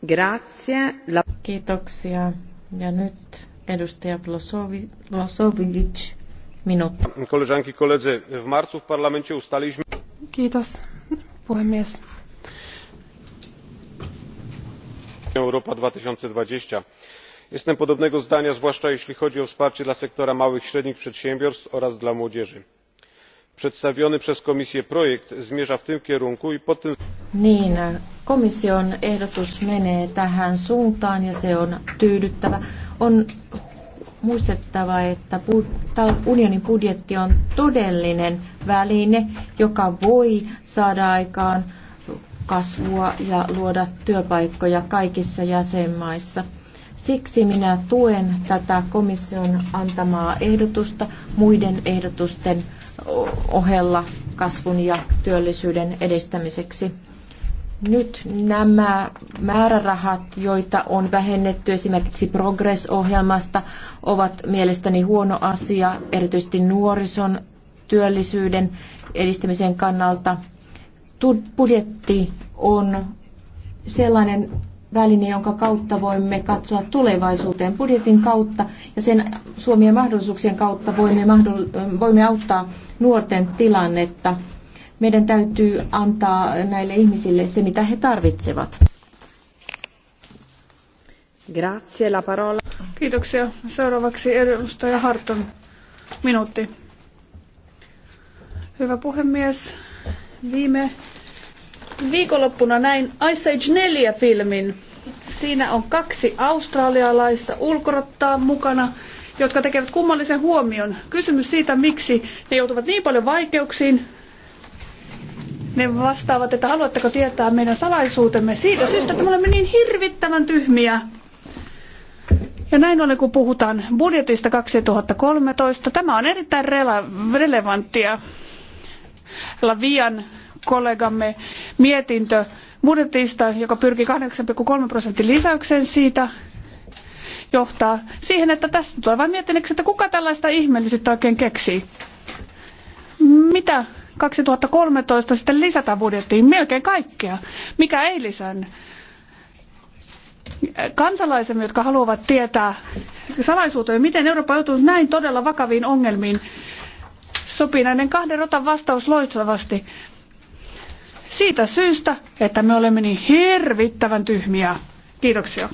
[SPEAKER 2] Grazie. Kiitoksia. Ja nyt edustaja Blosovic
[SPEAKER 5] w marcu w parlamencie ustaliśmy... europa dwa tysiące dwadzieścia Jestem podobnego zdania, zwłaszcza jeśli chodzi o wsparcie dla sektora małych i średnich przedsiębiorstw oraz dla młodzieży przedstawiony przez komisję projekt zmierza w tym kierunku i pod tym Niin,
[SPEAKER 2] komission ehdotus menee tähän suuntaan ja se on tyydyttävä. On muistettava, että unionin budjetti on todellinen väline, joka voi saada aikaan kasvua ja luoda työpaikkoja kaikissa jäsenmaissa. Siksi minä tuen tätä komission antamaa ehdotusta muiden ehdotusten ohella kasvun ja työllisyyden edistämiseksi nyt nämä määrärahat, joita on vähennetty esimerkiksi Progress-ohjelmasta, ovat mielestäni huono asia, erityisesti nuorison työllisyyden edistämisen kannalta. Budjetti on sellainen väline, jonka kautta voimme katsoa tulevaisuuteen budjetin kautta ja sen Suomien mahdollisuuksien kautta voimme, voimme auttaa nuorten tilannetta meidän täytyy antaa näille ihmisille se, mitä he tarvitsevat.
[SPEAKER 6] Grazie, la parola. Kiitoksia. Seuraavaksi edustaja Harton minuutti. Hyvä puhemies, viime viikonloppuna näin Ice Age 4-filmin. Siinä on kaksi australialaista ulkorottaa mukana, jotka tekevät kummallisen huomion. Kysymys siitä, miksi ne joutuvat niin paljon vaikeuksiin, ne vastaavat, että haluatteko tietää meidän salaisuutemme siitä syystä, että me olemme niin hirvittävän tyhmiä. Ja näin ollen, kun puhutaan budjetista 2013, tämä on erittäin rele- relevanttia. Lavian kollegamme mietintö budjetista, joka pyrkii 8,3 prosentin lisäykseen siitä, johtaa siihen, että tästä tulee vain että kuka tällaista ihmeellisyyttä oikein keksii. Mitä 2013 sitten lisätään budjettiin? Melkein kaikkea. Mikä ei lisän? kansalaisemme, jotka haluavat tietää salaisuuteen, miten Eurooppa joutuu näin todella vakaviin ongelmiin, sopii näiden kahden rotan vastaus loistavasti. Siitä syystä, että me olemme niin hirvittävän tyhmiä. Kiitoksia.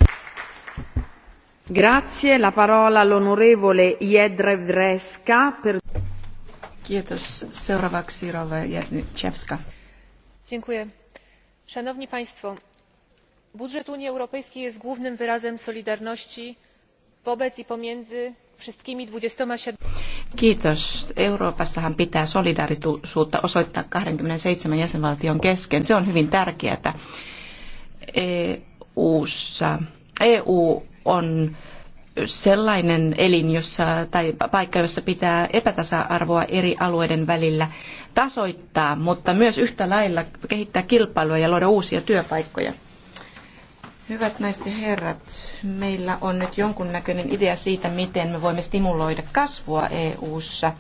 [SPEAKER 6] Grazie, la parola all'onorevole Jedrev
[SPEAKER 3] per... Kiitos. Seuraavaksi Rove Jerniczewska.
[SPEAKER 6] Dziękuję. Szanowni Państwo, budżet Unii Europejskiej jest głównym wyrazem solidarności wobec i pomiędzy wszystkimi 27...
[SPEAKER 7] Kiitos. Euroopassahan pitää solidaarisuutta osoittaa 27 jäsenvaltion kesken. Se on hyvin tärkeää. EUssa, EU on sellainen elin jossa, tai paikka, jossa pitää epätasa-arvoa eri alueiden välillä tasoittaa, mutta myös yhtä lailla kehittää kilpailua ja luoda uusia työpaikkoja. Hyvät naiset ja herrat, meillä on nyt jonkunnäköinen idea siitä, miten me voimme stimuloida kasvua EU-ssa.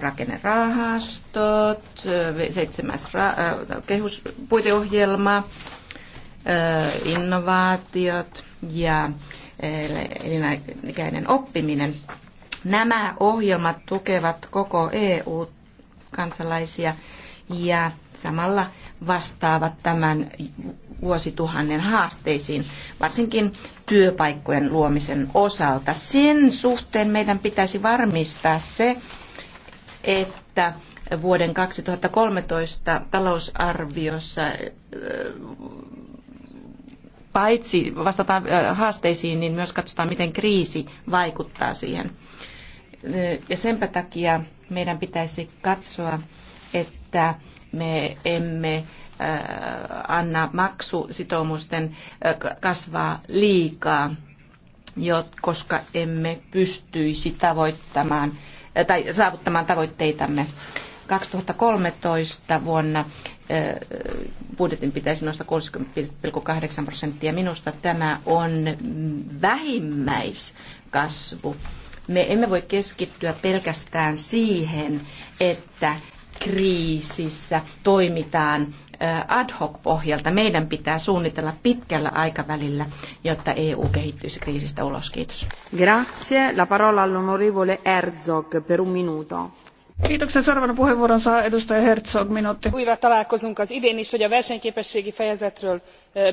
[SPEAKER 7] Rakennerahastot, seitsemäs ra- puiteohjelma, innovaatiot ja elinikäinen oppiminen. Nämä ohjelmat tukevat koko EU-kansalaisia ja samalla vastaavat tämän vuosituhannen haasteisiin, varsinkin työpaikkojen luomisen osalta. Sen suhteen meidän pitäisi varmistaa se, että vuoden 2013 talousarviossa paitsi vastataan äh, haasteisiin, niin myös katsotaan, miten kriisi vaikuttaa siihen. Äh, ja senpä takia meidän pitäisi katsoa, että me emme äh, anna maksusitoumusten kasvaa liikaa, koska emme pystyisi tavoittamaan tai saavuttamaan tavoitteitamme. 2013 vuonna budjetin pitäisi nostaa 30,8 prosenttia. Minusta tämä on vähimmäiskasvu. Me emme voi keskittyä pelkästään siihen, että kriisissä toimitaan ad hoc pohjalta. Meidän pitää suunnitella pitkällä aikavälillä, jotta EU kehittyisi kriisistä ulos. Kiitos.
[SPEAKER 3] Grazie. La parola all'onorevole Herzog per un minuto.
[SPEAKER 6] Kiitoksia. Seuraavana puheenvuoron saa edustaja Herzog, minuutti. Újra találkozunk az idén is, hogy a versenyképességi fejezetről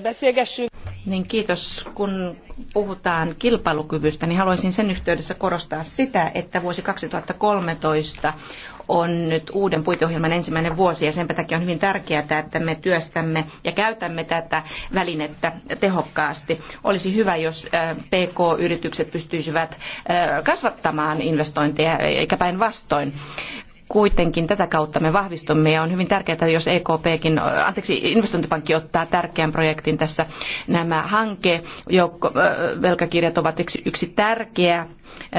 [SPEAKER 6] beszélgessünk.
[SPEAKER 3] Niin
[SPEAKER 7] kiitos. Kun puhutaan kilpailukyvystä, niin haluaisin sen yhteydessä korostaa sitä, että vuosi 2013 on nyt uuden puiteohjelman ensimmäinen vuosi ja sen takia on hyvin tärkeää, että me työstämme ja käytämme tätä välinettä tehokkaasti. Olisi hyvä, jos PK-yritykset pystyisivät kasvattamaan investointeja eikä päinvastoin kuitenkin tätä kautta me vahvistumme ja on hyvin tärkeää, jos EKPkin, anteeksi, investointipankki ottaa tärkeän projektin tässä. Nämä hanke, joukko, velkakirjat ovat yksi, yksi tärkeä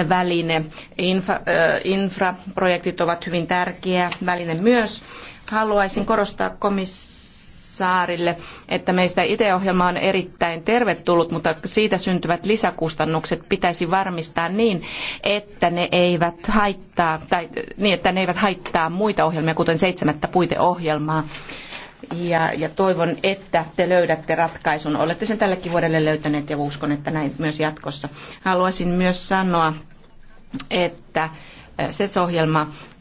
[SPEAKER 7] väline. Infra, infraprojektit ovat hyvin tärkeä väline myös. Haluaisin korostaa komissio saarille, että meistä ITE-ohjelma on erittäin tervetullut, mutta siitä syntyvät lisäkustannukset pitäisi varmistaa niin, että ne eivät haittaa, tai, niin, että ne eivät haittaa muita ohjelmia, kuten seitsemättä puiteohjelmaa. Ja, ja toivon, että te löydätte ratkaisun. Olette sen tällekin vuodelle löytäneet ja uskon, että näin myös jatkossa. Haluaisin myös sanoa, että eh, SES-ohjelma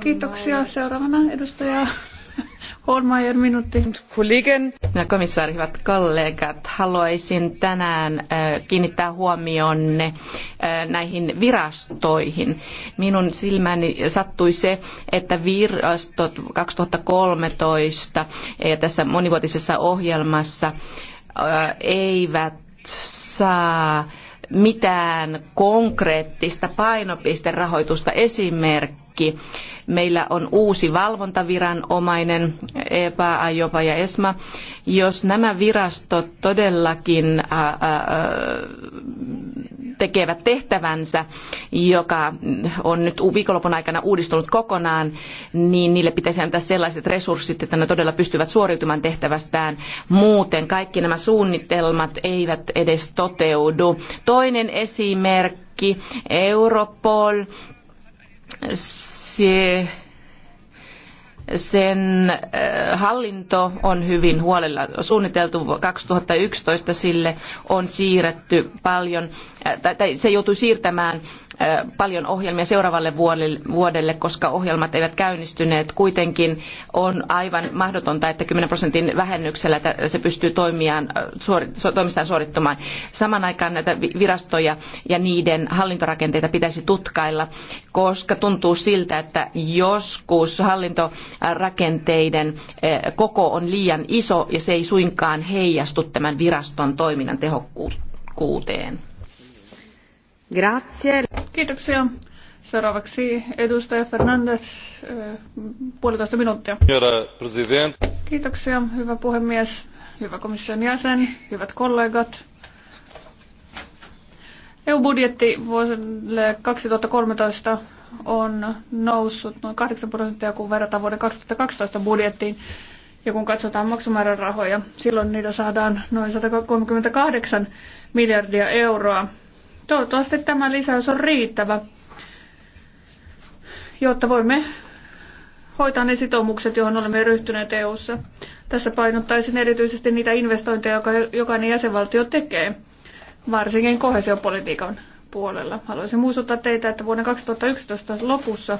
[SPEAKER 3] Kiitoksia. Hyvä komissaari,
[SPEAKER 7] hyvät kollegat. Haluaisin tänään äh, kiinnittää huomionne äh, näihin virastoihin. Minun silmäni sattui se, että virastot 2013 ja tässä monivuotisessa ohjelmassa äh, eivät saa mitään konkreettista painopisterahoitusta. Esimerkki, meillä on uusi valvontaviranomainen, EPA, AJOPA ja ESMA. Jos nämä virastot todellakin tekevät tehtävänsä, joka on nyt viikonlopun aikana uudistunut kokonaan, niin niille pitäisi antaa sellaiset resurssit, että ne todella pystyvät suoriutumaan tehtävästään. Muuten kaikki nämä suunnitelmat eivät edes toteudu. Toinen esimerkki, Europol. Se sen äh, hallinto on hyvin huolella suunniteltu. 2011 sille on siirretty paljon, äh, tai se joutui siirtämään paljon ohjelmia seuraavalle vuodelle, koska ohjelmat eivät käynnistyneet. Kuitenkin on aivan mahdotonta, että 10 prosentin vähennyksellä se pystyy toimiaan, toimistaan suorittamaan. Saman aikaan näitä virastoja ja niiden hallintorakenteita pitäisi tutkailla, koska tuntuu siltä, että joskus hallintorakenteiden koko on liian iso ja se ei suinkaan heijastu tämän viraston toiminnan tehokkuuteen.
[SPEAKER 6] Grazie. Kiitoksia. Seuraavaksi edustaja Fernandes, eh, puolitoista minuuttia. Kiitoksia, hyvä puhemies, hyvä komission jäsen, hyvät kollegat. EU-budjetti vuodelle 2013 on noussut noin 8 prosenttia, kun verrataan vuoden 2012 budjettiin. Ja kun katsotaan maksumäärärahoja, silloin niitä saadaan noin 138 miljardia euroa Toivottavasti tämä lisäys on riittävä, jotta voimme hoitaa ne sitoumukset, johon olemme ryhtyneet EU-ssa. Tässä painottaisin erityisesti niitä investointeja, joka jokainen jäsenvaltio tekee, varsinkin kohesiopolitiikan puolella. Haluaisin muistuttaa teitä, että vuoden 2011 lopussa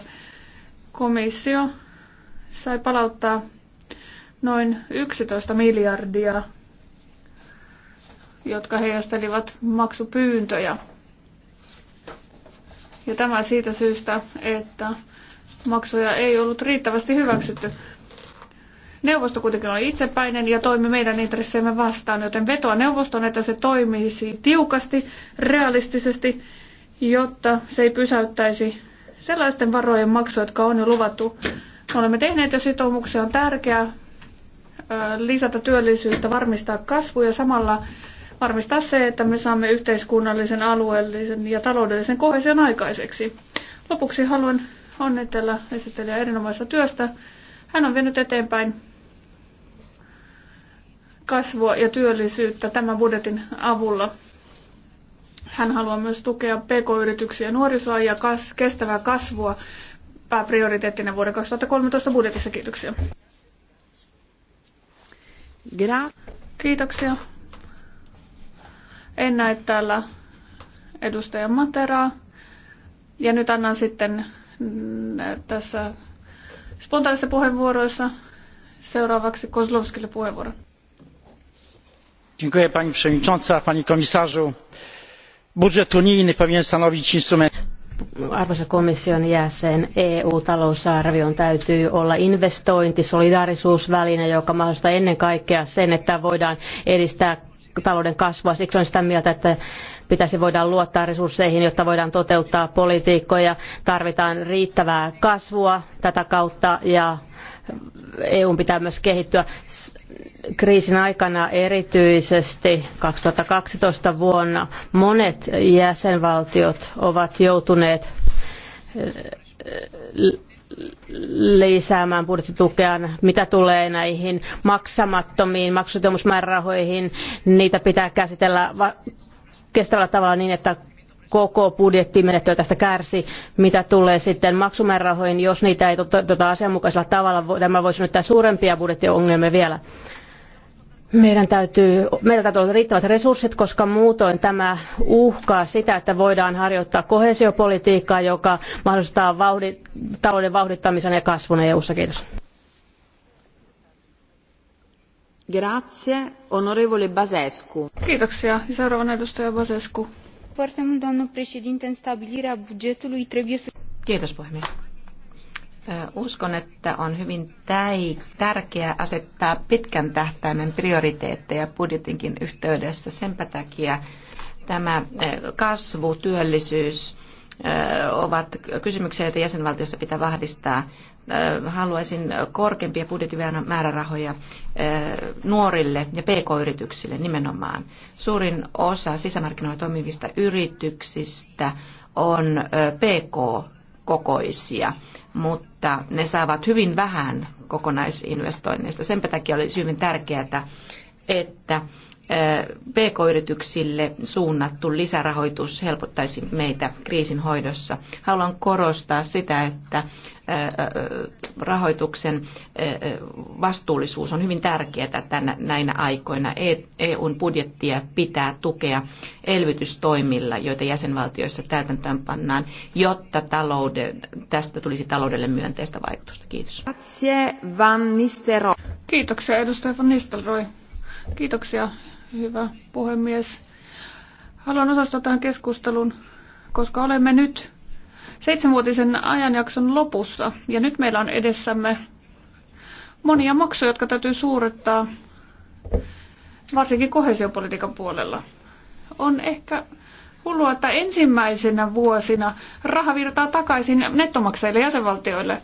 [SPEAKER 6] komissio sai palauttaa noin 11 miljardia, jotka heijastelivat maksupyyntöjä. Ja tämä siitä syystä, että maksuja ei ollut riittävästi hyväksytty. Neuvosto kuitenkin oli itsepäinen ja toimi meidän intressejämme vastaan, joten vetoa neuvoston, että se toimisi tiukasti, realistisesti, jotta se ei pysäyttäisi sellaisten varojen maksuja, jotka on jo luvattu. Me olemme tehneet jo sitoumuksia, on tärkeää lisätä työllisyyttä, varmistaa kasvu ja samalla varmistaa se, että me saamme yhteiskunnallisen, alueellisen ja taloudellisen kohesion aikaiseksi. Lopuksi haluan onnitella esittelijä erinomaisesta työstä. Hän on vienyt eteenpäin kasvua ja työllisyyttä tämän budjetin avulla. Hän haluaa myös tukea pk-yrityksiä, nuorisoa ja kas- kestävää kasvua pääprioriteettina vuoden 2013 budjetissa. Kiitoksia. Gra- Kiitoksia. En näe täällä edustaja Materaa. Ja nyt annan sitten mm, tässä spontaanissa puheenvuoroissa seuraavaksi Kozlovskille puheenvuoron.
[SPEAKER 3] Dziękuję pani przewodnicząca, pani komisarzu. Budżet unijny powinien stanowić instrument
[SPEAKER 8] arvoisa komission jäsen, EU-talousarvion täytyy olla investointi, solidaarisuusväline, joka mahdollistaa ennen kaikkea sen, että voidaan edistää talouden kasvua. Siksi on sitä mieltä, että pitäisi voida luottaa resursseihin, jotta voidaan toteuttaa politiikkoja. Tarvitaan riittävää kasvua tätä kautta ja EUn pitää myös kehittyä kriisin aikana erityisesti 2012 vuonna. Monet jäsenvaltiot ovat joutuneet lisäämään budjettitukeaan. Mitä tulee näihin maksamattomiin maksutomusmäärärahoihin, niitä pitää käsitellä kestävällä tavalla niin, että koko budjettimenettely tästä kärsi, mitä tulee sitten maksumäärärahoihin, jos niitä ei toteuteta asianmukaisella tavalla. Tämä voisi nyt suurempia budjettiongelmia vielä meidän täytyy, meillä täytyy olla riittävät resurssit, koska muutoin tämä uhkaa sitä, että voidaan harjoittaa koheesiopolitiikkaa, joka mahdollistaa vauhdit, talouden vauhdittamisen ja kasvun EU-ssa. Kiitos.
[SPEAKER 6] Grazie, onorevole Basescu. Kiitoksia. Seuraavana edustaja Basescu. Foarte mult, doamnă președinte, în stabilirea bugetului trebuie să...
[SPEAKER 7] Kiitos, puhemies
[SPEAKER 6] Uskon, että
[SPEAKER 7] on hyvin tärkeää asettaa pitkän tähtäimen prioriteetteja budjetinkin yhteydessä. Senpä takia tämä kasvu, työllisyys ovat kysymyksiä, joita jäsenvaltiossa pitää vahvistaa. Haluaisin korkeampia määrärahoja nuorille ja pk-yrityksille nimenomaan. Suurin osa sisämarkkinoilla toimivista yrityksistä on pk-kokoisia mutta ne saavat hyvin vähän kokonaisinvestoinneista. Sen takia olisi hyvin tärkeää, että PK-yrityksille suunnattu lisärahoitus helpottaisi meitä kriisin hoidossa. Haluan korostaa sitä, että rahoituksen vastuullisuus on hyvin tärkeää tänä, näinä aikoina. EUn e budjettia pitää tukea elvytystoimilla, joita jäsenvaltioissa täytäntöön pannaan, jotta talouden, tästä tulisi taloudelle myönteistä vaikutusta. Kiitos.
[SPEAKER 6] Kiitoksia edustaja Van Nistelrooy. Kiitoksia, hyvä puhemies. Haluan osallistua tähän keskusteluun, koska olemme nyt seitsemänvuotisen ajanjakson lopussa. Ja nyt meillä on edessämme monia maksuja, jotka täytyy suurettaa varsinkin kohesiopolitiikan puolella. On ehkä hullua, että ensimmäisenä vuosina raha virtaa takaisin nettomaksajille jäsenvaltioille.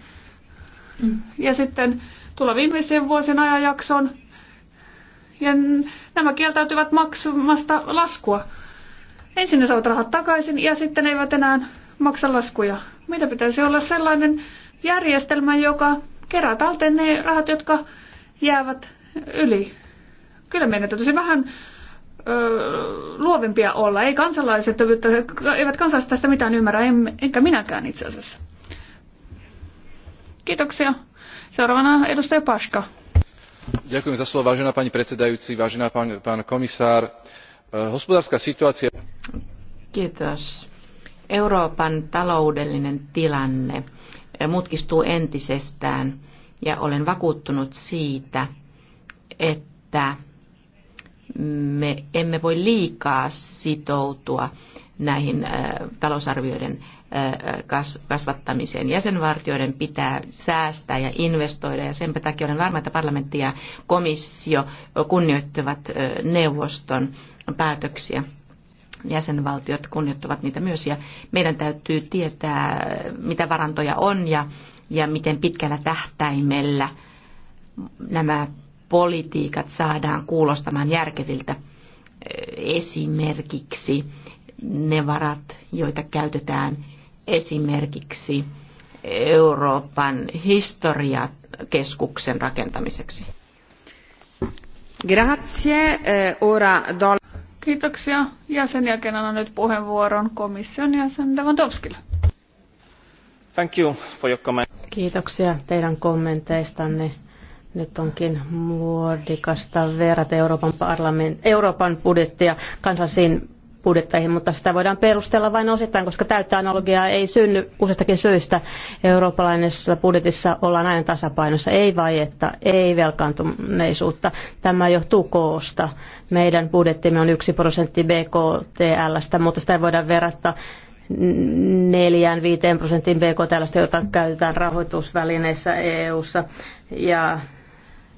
[SPEAKER 6] Ja sitten tulla viimeisen vuosien ajanjakson ja nämä kieltäytyvät maksumasta laskua. Ensin ne saavat rahat takaisin ja sitten eivät enää maksa laskuja. Meidän pitäisi olla sellainen järjestelmä, joka kerää talteen ne rahat, jotka jäävät yli. Kyllä meidän täytyisi vähän ö, luovempia olla. Ei kansalaiset, eivät kansalaiset tästä mitään ymmärrä, enkä minäkään itse asiassa. Kiitoksia. Seuraavana edustaja Paska.
[SPEAKER 5] Ďakujem za slovo, vážená pani predsedajúci, vážená pán, pán komisár. E, hospodárska situácia...
[SPEAKER 6] Kiitos
[SPEAKER 7] Euroopan taloudellinen tilanne mutkistuu entisestään ja olen vakuuttunut siitä, että me emme voi liikaa sitoutua näihin äh, talousarvioiden äh, kasvattamiseen. Jäsenvartioiden pitää säästää ja investoida ja sen takia olen varma, että parlamentti ja komissio kunnioittavat äh, neuvoston päätöksiä jäsenvaltiot kunnioittavat niitä myös ja meidän täytyy tietää, mitä varantoja on ja, ja miten pitkällä tähtäimellä nämä politiikat saadaan kuulostamaan järkeviltä. Esimerkiksi ne varat, joita käytetään esimerkiksi Euroopan historiakeskuksen rakentamiseksi.
[SPEAKER 6] Grazie. Eh, ora do... Kiitoksia. Ja sen jälkeen annan nyt puheenvuoron komission jäsen Lewandowskille.
[SPEAKER 5] Thank you for your comment.
[SPEAKER 8] Kiitoksia teidän kommenteistanne. Nyt onkin muodikasta verrata Euroopan, parlament, Euroopan budjettia kansallisiin budjetteihin, mutta sitä voidaan perustella vain osittain, koska täyttä analogiaa ei synny useistakin syistä. Eurooppalaisessa budjetissa ollaan aina tasapainossa, ei vajetta, ei velkaantuneisuutta. Tämä johtuu koosta. Meidän budjettimme on 1 prosentti BKTLstä, mutta sitä voidaan verrata 4-5 prosentin BKTLstä, jota käytetään rahoitusvälineissä EU:ssa ja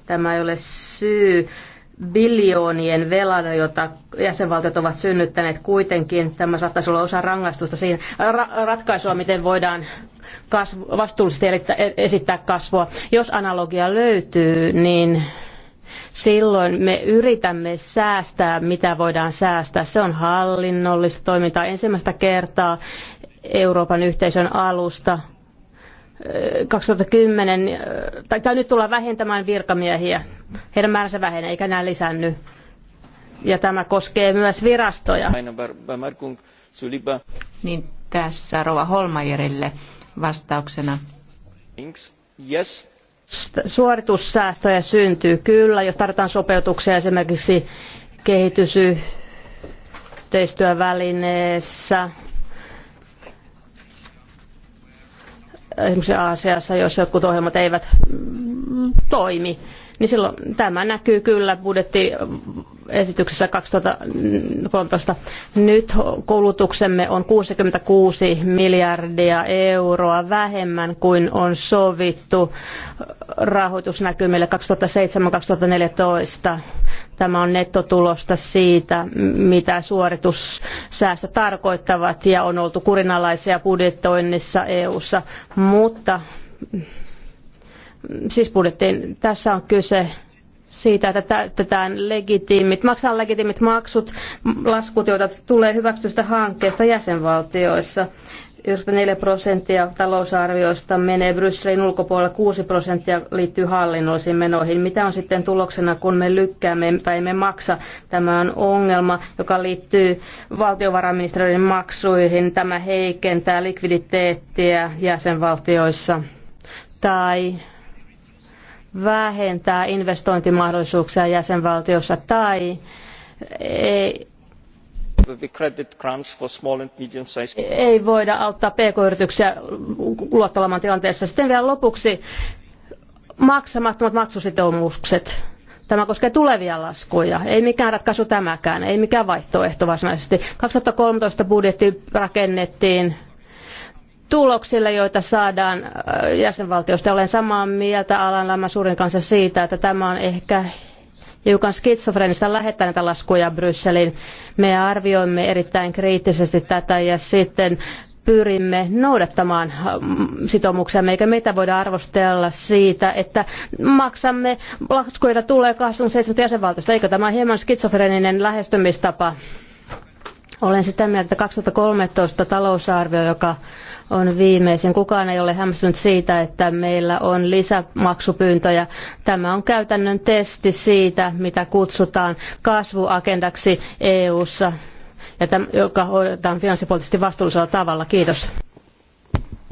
[SPEAKER 8] tämä ei ole syy biljoonien velan, jota jäsenvaltiot ovat synnyttäneet kuitenkin. Tämä saattaisi olla osa rangaistusta siihen, ra- ratkaisua, miten voidaan kasv- vastuullisesti e, esittää kasvua. Jos analogia löytyy, niin silloin me yritämme säästää, mitä voidaan säästää. Se on hallinnollista toimintaa ensimmäistä kertaa Euroopan yhteisön alusta 2010, äh, tai, tai nyt tullaan vähentämään virkamiehiä. Heidän määränsä vähenee, eikä enää lisänny.
[SPEAKER 7] Ja tämä koskee myös virastoja. Niin tässä Rova Holmajerille vastauksena.
[SPEAKER 5] Yes.
[SPEAKER 8] Suoritussäästöjä syntyy kyllä, jos tarvitaan sopeutuksia esimerkiksi kehitysyhteistyövälineessä esimerkiksi Aasiassa, jos jotkut ohjelmat eivät mm, toimi niin silloin tämä näkyy kyllä budjettiesityksessä 2013. Nyt kulutuksemme on 66 miljardia euroa vähemmän kuin on sovittu rahoitusnäkymille 2007-2014. Tämä on nettotulosta siitä, mitä suoritussäästö tarkoittavat ja on oltu kurinalaisia budjetoinnissa EU:ssa, mutta siis budjettiin. Tässä on kyse siitä, että täytetään legitiimit, maksaa legitiimit maksut, laskut, joita tulee hyväksytystä hankkeesta jäsenvaltioissa. 4 prosenttia talousarvioista menee Brysselin ulkopuolella, 6 prosenttia liittyy hallinnollisiin menoihin. Mitä on sitten tuloksena, kun me lykkäämme tai me maksa? Tämä on ongelma, joka liittyy valtiovarainministeriön maksuihin. Tämä heikentää likviditeettiä jäsenvaltioissa. Tai vähentää investointimahdollisuuksia jäsenvaltiossa tai ei, ei voida auttaa pk-yrityksiä luottolaman tilanteessa. Sitten vielä lopuksi maksamattomat maksusitoumukset. Tämä koskee tulevia laskuja. Ei mikään ratkaisu tämäkään, ei mikään vaihtoehto varsinaisesti. 2013 budjetti rakennettiin tuloksille, joita saadaan äh, jäsenvaltiosta. Olen samaa mieltä Alan Lamasuurin kanssa siitä, että tämä on ehkä hiukan skitsofrenista lähettää näitä laskuja Brysseliin. Me arvioimme erittäin kriittisesti tätä ja sitten pyrimme noudattamaan äh, sitoumuksiamme, eikä meitä voida arvostella siitä, että maksamme laskuja, tulee 27 jäsenvaltiosta. Eikö tämä hieman skitsofreninen lähestymistapa? Olen sitä mieltä, että 2013 talousarvio, joka on viimeisin. Kukaan ei ole hämmästynyt siitä, että meillä on lisämaksupyyntöjä. Tämä on käytännön testi siitä, mitä kutsutaan kasvuagendaksi EU-ssa, ja tämä joka hoidetaan finanssipoliittisesti vastuullisella tavalla.
[SPEAKER 3] Kiitos.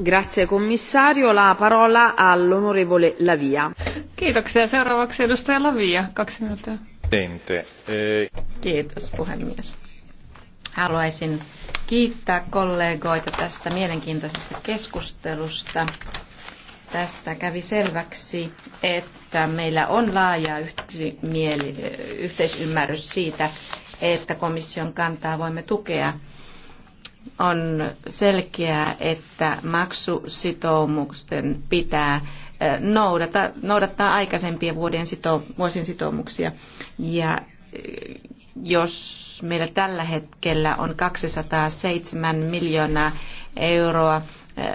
[SPEAKER 3] Grazie commissario, la parola all'onorevole Lavia.
[SPEAKER 6] Kiitoksia. Seuraavaksi edustaja Lavia, kaksi minuuttia.
[SPEAKER 5] Eh.
[SPEAKER 7] Kiitos puhemies. Haluaisin kiittää kollegoita tästä mielenkiintoisesta keskustelusta. Tästä kävi selväksi, että meillä on laaja yhteisymmärrys siitä, että komission kantaa voimme tukea. On selkeää, että maksusitoumusten pitää noudata, noudattaa aikaisempien vuodien sito, vuosien sitoumuksia ja jos meillä tällä hetkellä on 207 miljoonaa euroa äh,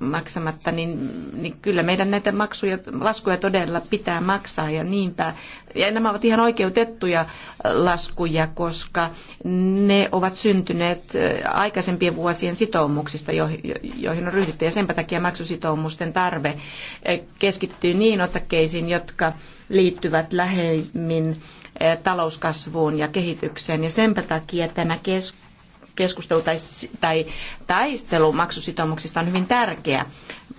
[SPEAKER 7] maksamatta, niin, niin kyllä meidän näitä maksuja, laskuja todella pitää maksaa ja niinpä. Ja nämä ovat ihan oikeutettuja laskuja, koska ne ovat syntyneet äh, aikaisempien vuosien sitoumuksista, joihin on ryhdytty. Ja sen takia maksusitoumusten tarve äh, keskittyy niin otsakkeisiin, jotka liittyvät lähemmin Eh, talouskasvuun ja kehitykseen. Ja senpä takia tämä keskustelu tai, tai taistelu maksusitoumuksista on hyvin tärkeä.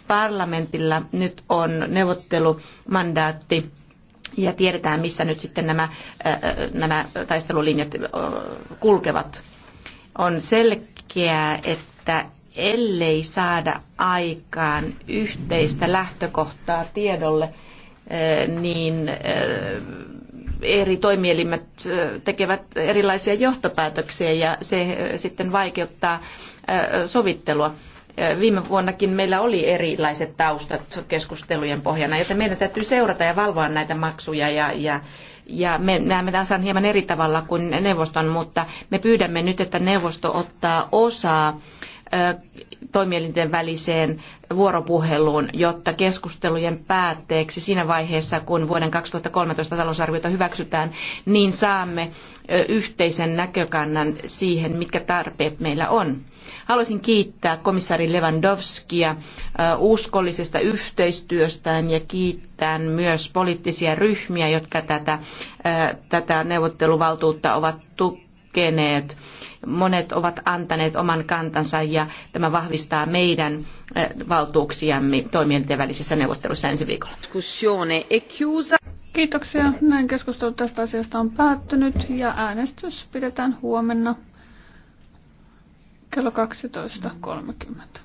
[SPEAKER 7] Parlamentilla nyt on neuvottelumandaatti ja tiedetään, missä nyt sitten nämä, eh, eh, nämä taistelulinjat kulkevat. On selkeää, että ellei saada aikaan yhteistä lähtökohtaa tiedolle, niin eri toimielimet tekevät erilaisia johtopäätöksiä ja se sitten vaikeuttaa sovittelua. Viime vuonnakin meillä oli erilaiset taustat keskustelujen pohjana, joten meidän täytyy seurata ja valvoa näitä maksuja ja, ja, ja me näemme tämän hieman eri tavalla kuin neuvoston, mutta me pyydämme nyt, että neuvosto ottaa osaa toimielinten väliseen vuoropuheluun, jotta keskustelujen päätteeksi siinä vaiheessa, kun vuoden 2013 talousarviota hyväksytään, niin saamme yhteisen näkökannan siihen, mitkä tarpeet meillä on. Haluaisin kiittää komissaari Lewandowskia uskollisesta yhteistyöstään ja kiittää myös poliittisia ryhmiä, jotka tätä, tätä neuvotteluvaltuutta ovat tukeneet Monet ovat antaneet oman kantansa ja tämä vahvistaa meidän eh, valtuuksiamme toimijoiden välisissä neuvotteluissa ensi viikolla.
[SPEAKER 6] Kiitoksia. Näin keskustelu tästä asiasta on päättynyt ja äänestys pidetään huomenna kello 12.30.